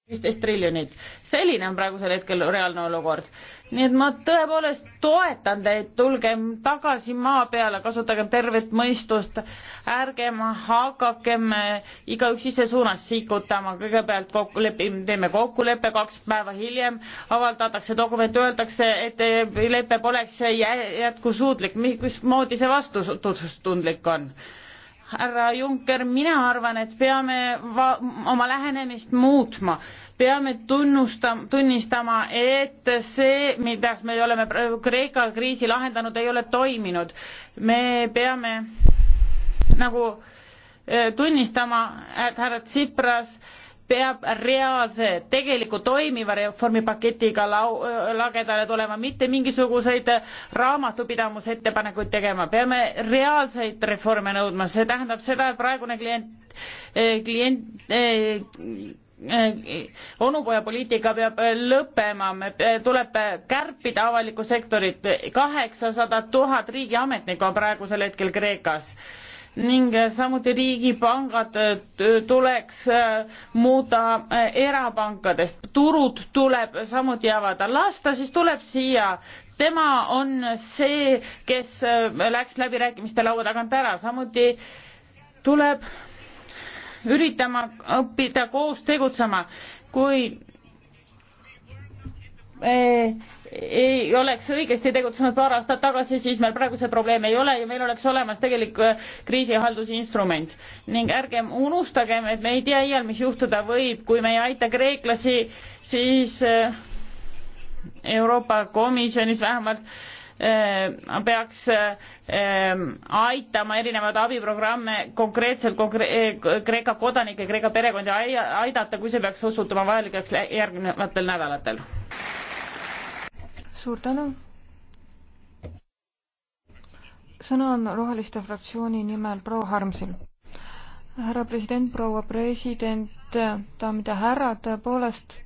viisteist triljonit. selline on praegusel hetkel reaalne olukord. nii et ma tõepoolest toetan teid, tulgem tagasi maa peale, kasutagem tervet mõistust, ärgem hakakem igaüks ise suunas sikutama, kõigepealt kokku lepime, teeme kokkuleppe, kaks päeva hiljem avaldatakse dokument, öeldakse, et lepe poleks jätkusuutlik, mismoodi see vastutustundlik on härra Juncker, mina arvan, et peame oma lähenemist muutma, peame tunnustama, tunnistama, et see, mida me oleme Kreeka kriisi lahendanud, ei ole toiminud. me peame nagu eh, tunnistama, et härra Tsipras äh, peab reaalse, tegeliku toimiva reformipaketiga lau-, lagedale tulema, mitte mingisuguseid raamatupidamusettepanekuid tegema, peame reaalseid reforme nõudma, see tähendab seda, et praegune klient, eh, klient eh, eh onupojapoliitika peab lõppema, me, eh, tuleb kärpida avalikku sektorit, kaheksasada tuhat riigiametnikku on praegusel hetkel Kreekas ning äh, samuti riigipangad äh, tuleks äh, muuta erapankadest. turud tuleb samuti avada. las ta siis tuleb siia. tema on see, kes läks läbirääkimiste laua tagant ära. samuti tuleb üritama õppida koos tegutsema. kui Eh, ei oleks õigesti tegutsenud paar aastat tagasi, siis meil praegu see probleem ei ole ja meil oleks olemas tegelik eh, kriisihaldusinstrument. ning ärgem unustagem, et me ei tea iial, mis juhtuda võib, kui me ei aita kreeklasi, siis eh, Euroopa Komisjonis vähemalt peaks aitama erinevaid abiprogramme konkreetselt konkre Kreeka kodanikke, Kreeka perekondi aidata, kui see peaks osutuma vajalikeks järgnevatel nädalatel suur tänu. sõna on Roheliste fraktsiooni nimel proua Harmsil. härra president, proua president, daamid ja härrad, tõepoolest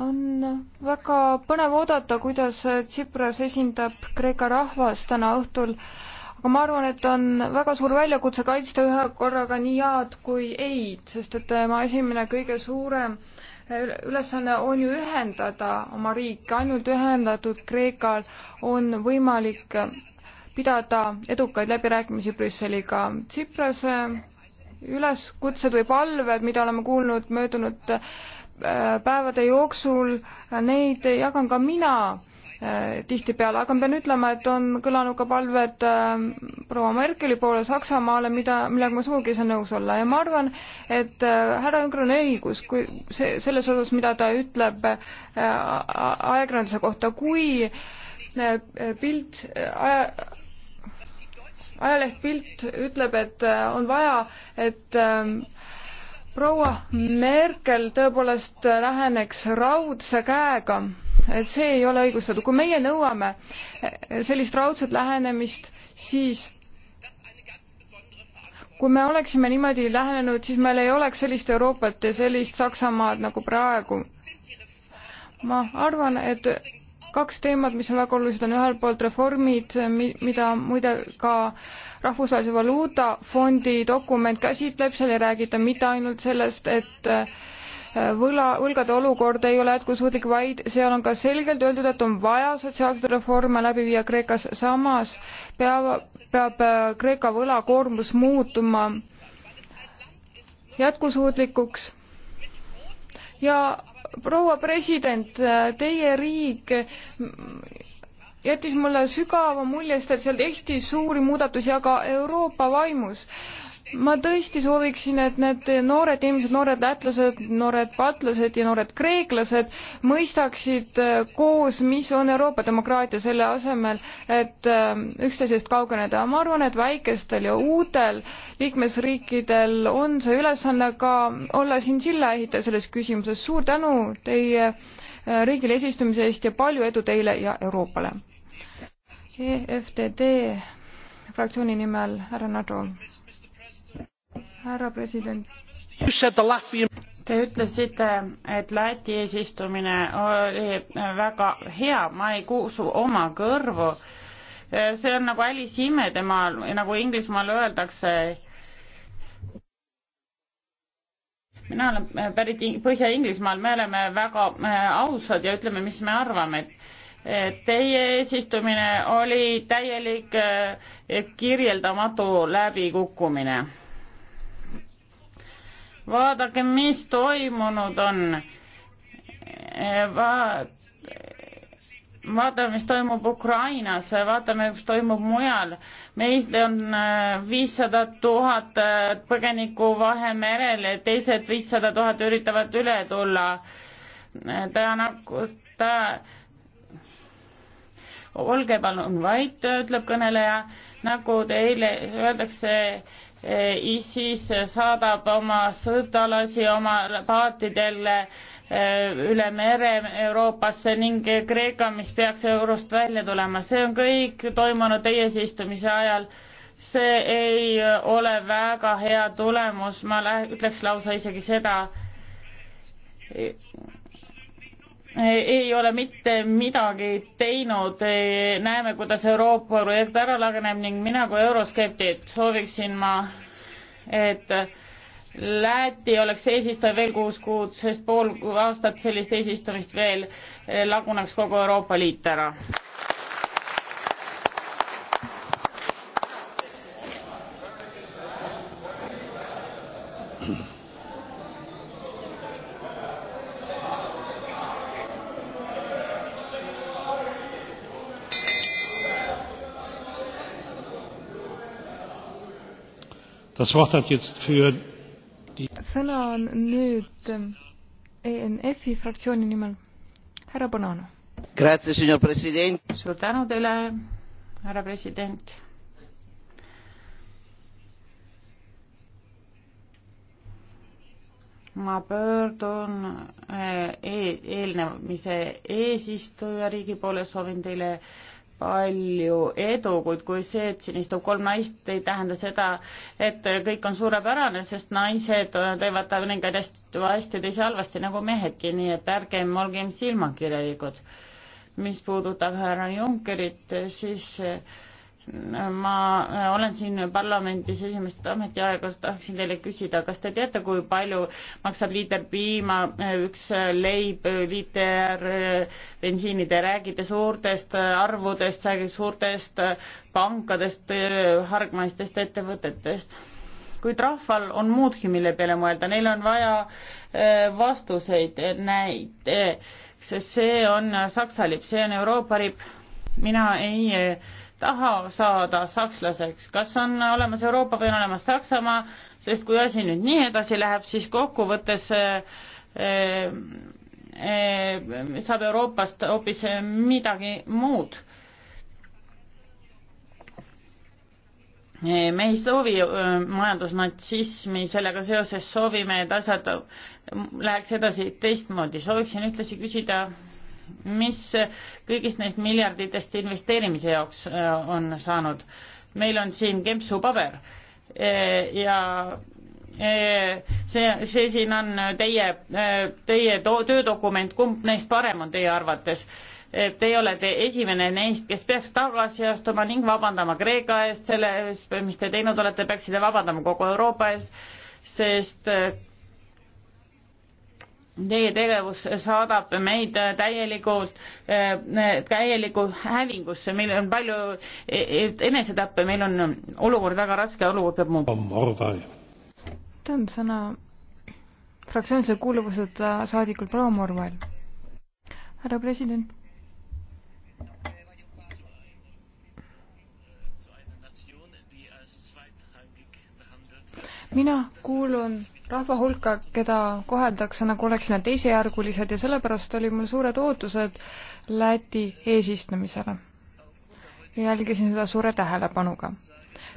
on väga põnev oodata, kuidas Tsipras esindab Kreeka rahvast täna õhtul, aga ma arvan, et on väga suur väljakutse kaitsta ühe korraga nii head kui ei-d, sest et tema esimene kõige suurem äh, ülesanne on ju ühendada oma riiki, ainult ühendatud Kreekal on võimalik pidada edukaid läbirääkimisi Brüsseliga. Tsiprase äh, üleskutsed või palved, mida oleme kuulnud möödunud äh, päevade jooksul, äh, neid jagan ka mina Äh, tihtipeale, aga ma pean ütlema, et on kõlanud ka palved äh, proua Merkeli poole Saksamaale, mida, millega ma sugugi ei saa nõus olla ja ma arvan, et äh, härra Jünger on õigus, kui see, selles osas, mida ta ütleb äh, ajakirjanduse kohta, kui äh, pilt äh, aja, ajaleht Pilt ütleb, et äh, on vaja, et äh, proua Merkel tõepoolest läheneks raudse käega et see ei ole õigustatud. kui meie nõuame eh, sellist raudset lähenemist, siis kui me oleksime niimoodi lähenenud, siis meil ei oleks sellist Euroopat ja sellist Saksamaad nagu praegu. ma arvan, et kaks teemat, mis on väga olulised, on ühelt poolt reformid, mida muide ka Rahvusvahelise Valuutafondi dokument käsitleb, seal ei räägita mitte ainult sellest, et võla, võlgade olukord ei ole jätkusuutlik, vaid seal on ka selgelt öeldud, et on vaja sotsiaalseid reforme läbi viia Kreekas, samas peab, peab äh, Kreeka võlakoormus muutuma jätkusuutlikuks ja proua president, teie riik jättis mulle sügava mulje, sest et seal tehti suuri muudatusi, aga Euroopa vaimus ma tõesti sooviksin, et need noored inimesed, noored lätlased, noored patlased ja noored kreeklased mõistaksid äh, koos, mis on Euroopa demokraatia, selle asemel, et äh, üksteisest kaugeneda. ma arvan, et väikestel ja uutel liikmesriikidel on see ülesanne ka olla siin sillaehitaja selles küsimuses. suur tänu teie äh, riigile esistumise eest ja palju edu teile ja Euroopale. EFTD fraktsiooni nimel härra Nadu härra president. Te ütlesite, et Läti eesistumine oli väga hea, ma ei kuusu oma kõrvu. see on nagu Alice imedemaal, nagu Inglismaal öeldakse. mina olen pärit Põhja-Inglismaal, me oleme väga äh, ausad ja ütleme, mis me arvame Teie eesistumine oli täielik äh, kirjeldamatu läbikukkumine vaadake, mis toimunud on. vaatame, mis toimub Ukrainas, vaatame, mis toimub mujal. meil on äh, viissada tuhat äh, põgenikku Vahemerel ja teised viissada tuhat üritavad üle tulla. Äh, ta nagu, ta olge palun vait, ütleb kõneleja, nagu teile öeldakse, ISIS saadab oma sõdalasi oma paatidel eh, üle mere Euroopasse ning Kreeka, mis peaks eurost välja tulema. see on kõik toimunud teie eesistumise ajal. see ei ole väga hea tulemus, ma ütleks lausa isegi seda, ei ole mitte midagi teinud, näeme, kuidas Euroopa projekt ära lageneb ning mina kui euroskeptik sooviksin ma, et Läti oleks eesistuja veel kuus kuud, sest pool aastat sellist eesistumist veel laguneks kogu Euroopa Liit ära. sõna on nüüd ENF-i fraktsiooni nimel härra Bonanno. suur tänu teile, härra president. ma pöördun eh, e eelnemise eesistujariigi poole, soovin teile palju edu, kuid kui see, et siin istub kolm naist, ei tähenda seda, et kõik on suurepärane, sest naised teevad mõningaid asju hästi, teisi halvasti nagu mehedki, nii et ärgem olgem silmakirjalikud. mis puudutab härra Junckerit, siis äh, ma äh, olen siin parlamendis esimest ametiaega, tahaksin teile küsida, kas te teate, kui palju maksab liiter piima, äh, üks äh, leib, liiter bensiini, te räägite suurtest arvudest, suurtest pankadest, hargmaistest ettevõtetest. kuid rahval on muudki, mille peale mõelda, neil on vaja vastuseid, näid, sest see on Saksa lipp, see on Euroopa lipp, mina ei taha saada sakslaseks, kas on olemas Euroopa või on olemas Saksamaa, sest kui asi nüüd nii edasi läheb, siis kokkuvõttes äh, äh, äh saab Euroopast hoopis midagi muud. Äh, me ei soovi äh, majandusnatsismi, sellega seoses soovime, et asjad läheks edasi teistmoodi. sooviksin ühtlasi küsida mis kõigist neist miljarditest investeerimise jaoks äh, on saanud. meil on siin kempsupaber äh, ja äh, see, see siin on teie, teie töödokument, kumb neist parem on teie arvates? Teie olete esimene neist, kes peaks tagasi astuma ning vabandama Kreeka eest selle eest, mis te teinud olete, peaksite vabandama kogu Euroopa ees, sest Teie tegevus saadab meid täielikult, eh, täieliku hävingusse, meil on palju enesetappe, meil on olukord väga raske, olukord peab muutuma. tänan sõna fraktsioonilise kuuluvuseta saadikul proua Morval. härra president. mina kuulun rahva hulka, keda koheldakse nagu oleks nad teisejärgulised ja sellepärast olid mul suured ootused Läti eesistumisele. jälgisin seda suure tähelepanuga.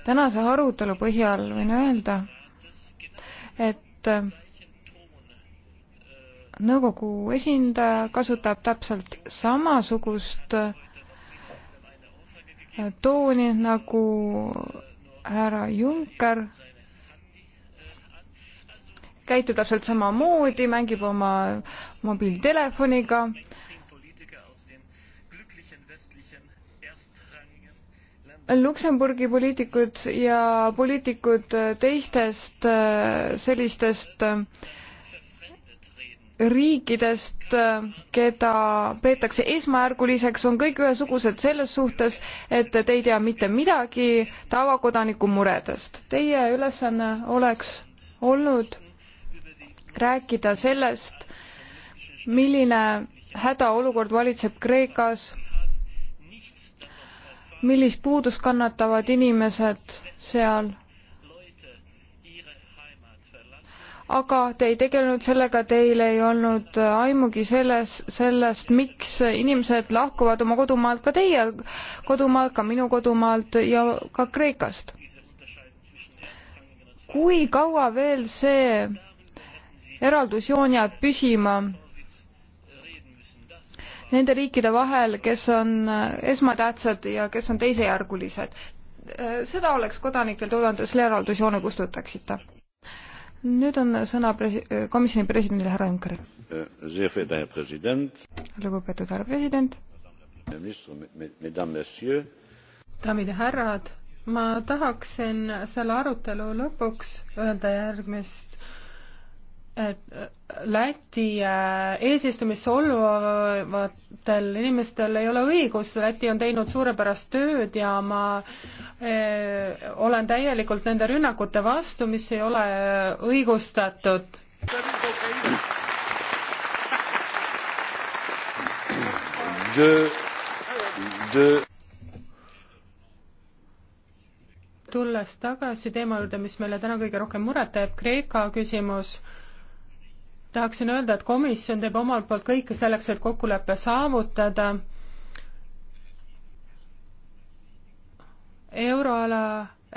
tänase arutelu põhjal võin öelda, et nõukogu esindaja kasutab täpselt samasugust tooni nagu härra Juncker käitub täpselt samamoodi, mängib oma mobiiltelefoniga. Luksemburgi poliitikud ja poliitikud teistest äh, sellistest äh, riikidest, äh, keda peetakse esmajärguliseks, on kõik ühesugused selles suhtes, et te ei tea mitte midagi tavakodaniku muredest. Teie ülesanne oleks olnud rääkida sellest, milline hädaolukord valitseb Kreekas, millist puudust kannatavad inimesed seal. aga te ei tegelenud sellega, teil ei olnud aimugi selles, sellest, miks inimesed lahkuvad oma kodumaalt, ka teie kodumaalt, ka minu kodumaalt ja ka Kreekast. kui kaua veel see eraldusjoon jääb püsima nende riikide vahel, kes on esmatähtsad ja kes on teisejärgulised. seda oleks kodanikel toodanud, selle eraldusjoone kustutaksite. nüüd on sõna presi-, komisjoni presidendile härra Juncker. lugupeetud härra president. daamid ja härrad, ma tahaksin selle arutelu lõpuks öelda järgmist Äh, Läti äh, eesistumist solvavatel inimestel ei ole õigus, Läti on teinud suurepärast tööd ja ma äh, olen täielikult nende rünnakute vastu, mis ei ole õigustatud. De, de. tulles tagasi teema juurde, mis meile täna kõige rohkem muret teeb, Kreeka küsimus tahaksin öelda, et komisjon teeb omalt poolt kõike selleks, et kokkulepe saavutada. euroala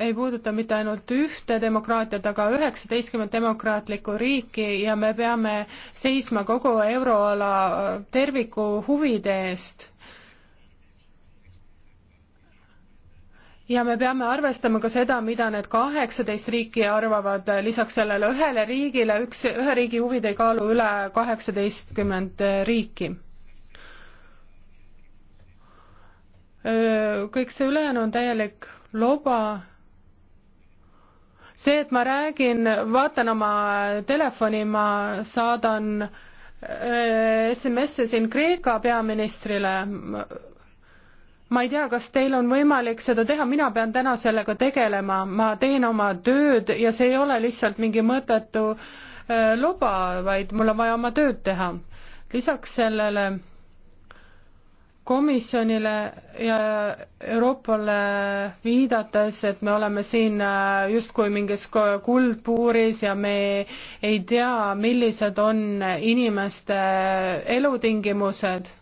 ei puuduta mitte ainult ühte demokraatiat, aga üheksateistkümmet demokraatlikku riiki ja me peame seisma kogu euroala terviku huvide eest ja me peame arvestama ka seda, mida need kaheksateist riiki arvavad, lisaks sellele ühele riigile, üks, ühe riigi huvid ei kaalu üle kaheksateistkümmend riiki. kõik see ülejäänu on täielik loba. see, et ma räägin, vaatan oma telefoni, ma saadan SMS-e siin Kreeka peaministrile, ma ei tea, kas teil on võimalik seda teha, mina pean täna sellega tegelema, ma teen oma tööd ja see ei ole lihtsalt mingi mõttetu äh, luba, vaid mul on vaja oma tööd teha. lisaks sellele komisjonile ja Euroopale viidates, et me oleme siin äh, justkui mingis kuldpuuris ja me ei tea, millised on inimeste elutingimused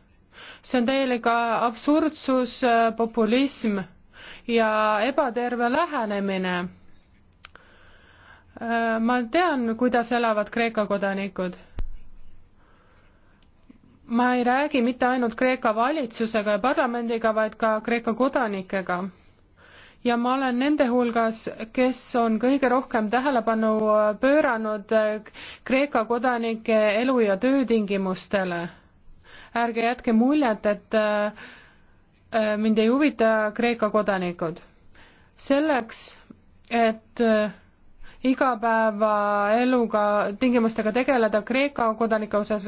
see on täielik absurdsus, äh, populism ja ebaterve lähenemine. Äh, ma tean, kuidas elavad Kreeka kodanikud ma ei räägi mitte ainult Kreeka valitsusega ja parlamendiga, vaid ka Kreeka kodanikega. ja ma olen nende hulgas, kes on kõige rohkem tähelepanu äh, pööranud Kreeka kodanike elu- ja töötingimustele ärge jätke muljet, et äh, äh, mind ei huvita Kreeka kodanikud. selleks, et äh, igapäevaeluga, tingimustega tegeleda Kreeka kodanike osas,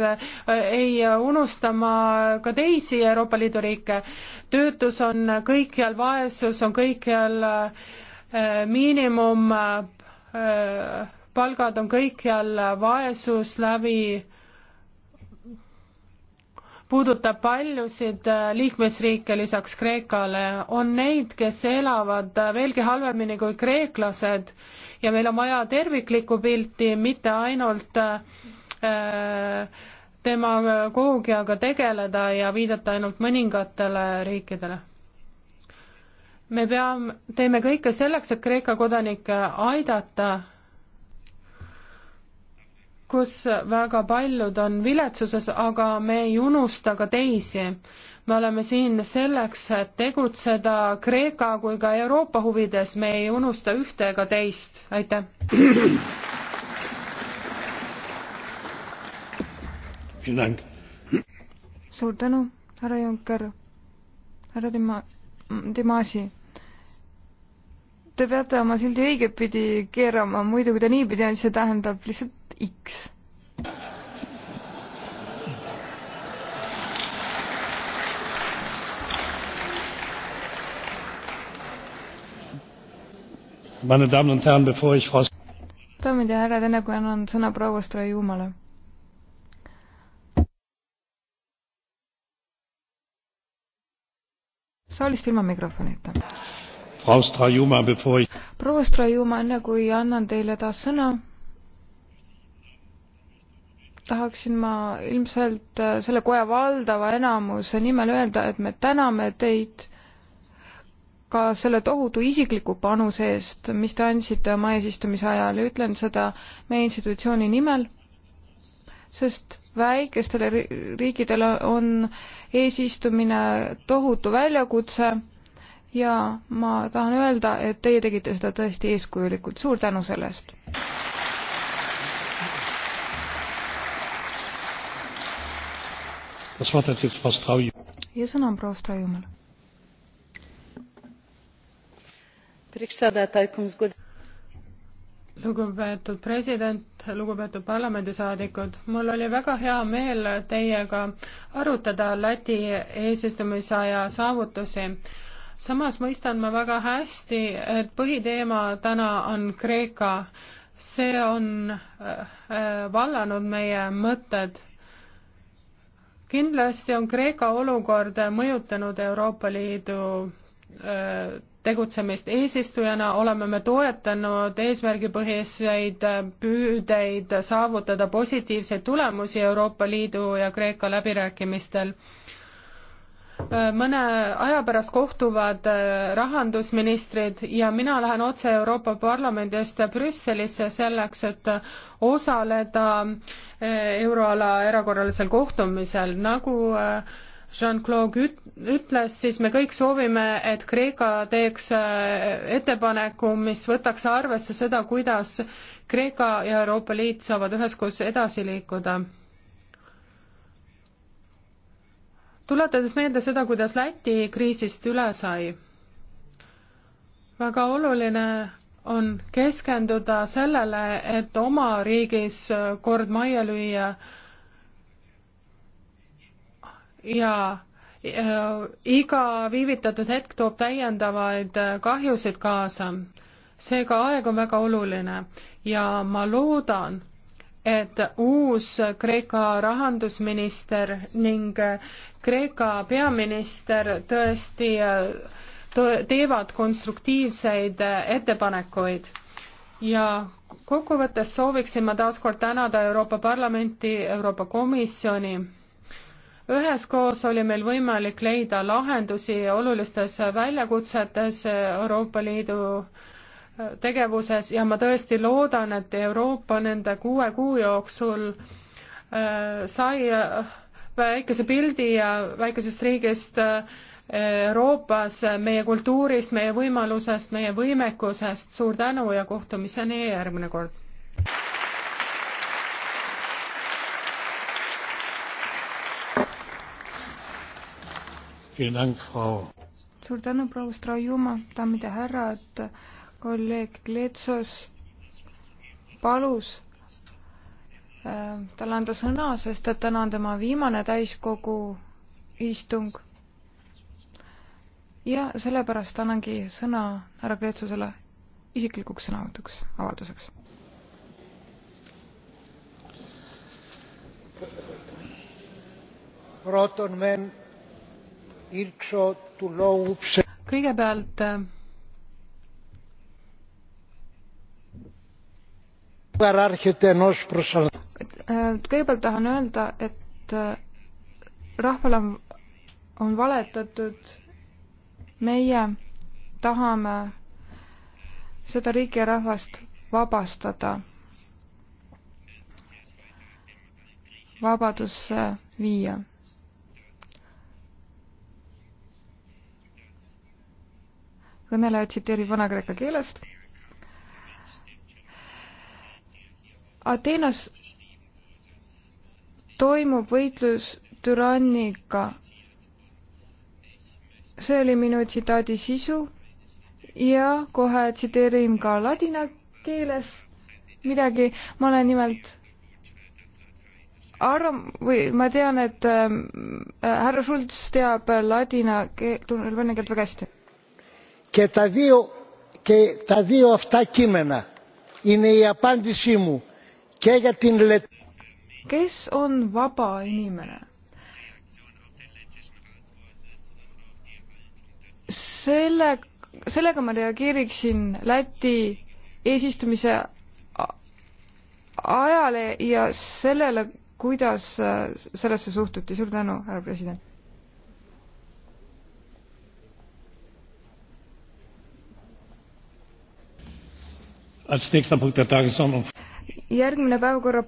ei unusta ma ka teisi Euroopa Liidu riike. töötus on kõikjal, vaesus on kõikjal, miinimumpalgad on kõikjal, vaesus läbi puudutab paljusid äh, liikmesriike lisaks Kreekale. on neid, kes elavad äh, veelgi halvemini kui kreeklased ja meil on vaja terviklikku pilti, mitte ainult äh, äh demagoogiaga tegeleda ja viidata ainult mõningatele riikidele me peame, teeme kõike selleks, et Kreeka kodanikke aidata kus väga paljud on viletsuses, aga me ei unusta ka teisi. me oleme siin selleks, et tegutseda Kreeka kui ka Euroopa huvides, me ei unusta ühte ega teist, aitäh. suur tänu, härra Junker, härra Dima-, Dimasi te peate oma sildi õigetpidi keerama, muidu kui ta niipidi on, siis see tähendab lihtsalt X. meine Damen und Herren, bevor ich Frau daamid ja härrad, enne kui annan sõna proua Strajumale. saalist ilma mikrofonita. proua Strajuma, enne kui annan teile taas sõna, tahaksin ma ilmselt äh, selle koja valdava enamuse nimel öelda, et me täname teid ka selle tohutu isikliku panuse eest, mis te andsite oma eesistumise ajal ja ütlen seda meie institutsiooni nimel, sest väikestele riikidele on eesistumine tohutu väljakutse ja ma tahan öelda, et teie tegite seda tõesti eeskujulikult, suur tänu selle eest! ja sõna on proua Straiumal. lugupeetud president, lugupeetud parlamendisaadikud, mul oli väga hea meel teiega arutada Läti eesistumisaja saavutusi samas mõistan ma väga hästi, et põhiteema täna on Kreeka. see on äh, äh, vallanud meie mõtted kindlasti on Kreeka olukord mõjutanud Euroopa Liidu äh, tegutsemist eesistujana, oleme me toetanud eesmärgipõhiseid äh, püüdeid saavutada positiivseid tulemusi Euroopa Liidu ja Kreeka läbirääkimistel Äh, mõne aja pärast kohtuvad äh, rahandusministrid ja mina lähen otse Euroopa Parlamendist Brüsselisse selleks, et äh, osaleda euroala erakorralisel kohtumisel, nagu Jean-Claude ütles, siis me kõik soovime, et Kreeka teeks ettepaneku, mis võtaks arvesse seda, kuidas Kreeka ja Euroopa Liit saavad üheskoos edasi liikuda tuletades meelde seda, kuidas Läti kriisist üle sai, väga oluline on keskenduda sellele, et oma riigis kord majja lüüa ja iga viivitatud hetk toob täiendavaid kahjusid kaasa. seega aeg on väga oluline ja ma loodan, et uus Kreeka rahandusminister ning Kreeka peaminister tõesti teevad konstruktiivseid ettepanekuid ja kokkuvõttes sooviksin ma taaskord tänada Euroopa Parlamenti, Euroopa Komisjoni. üheskoos oli meil võimalik leida lahendusi olulistes väljakutsetes Euroopa Liidu äh, tegevuses ja ma tõesti loodan, et Euroopa nende kuue kuu jooksul äh, sai äh, väikese pildi ja väikesest riigist eh, Euroopas, meie kultuurist, meie võimalusest, meie võimekusest, suur tänu ja kohtumiseni järgmine kord! suur tänu, proua Strajuma, daamid ja härrad, kolleeg Kletsos palus Äh, talle anda sõna, sest et täna on tema viimane täiskogu istung. ja sellepärast annangi sõna härra Kreetsusele isiklikuks sõnavõtuks, avalduseks. kõigepealt άρχεται ενός προσανατολισμού Äh, kõigepealt tahan öelda, et äh, rahvale on, on valetatud. meie tahame seda riiki ja rahvast vabastada, vabadusse viia kõneleja tsiteerib Vana-Kreeka keelest. Ateenas toimub võitlus türanniga. see oli minu tsitaadi sisu ja kohe tsiteerin ka ladina keeles midagi, ma olen nimelt arv- või ma tean, et äh, härra Schulz teab ladina keelt, tunneb vene keelt väga hästi. και τα δύο, και τα δύο αυτά κείμενα είναι η απάντησή μου και για την Λετωνία kes on vaba inimene? selle, sellega ma reageeriksin Läti eesistumise ajale ja sellele, kuidas äh, sellesse suhtuti. suur tänu, härra president. järgmine päevakorrapunkt.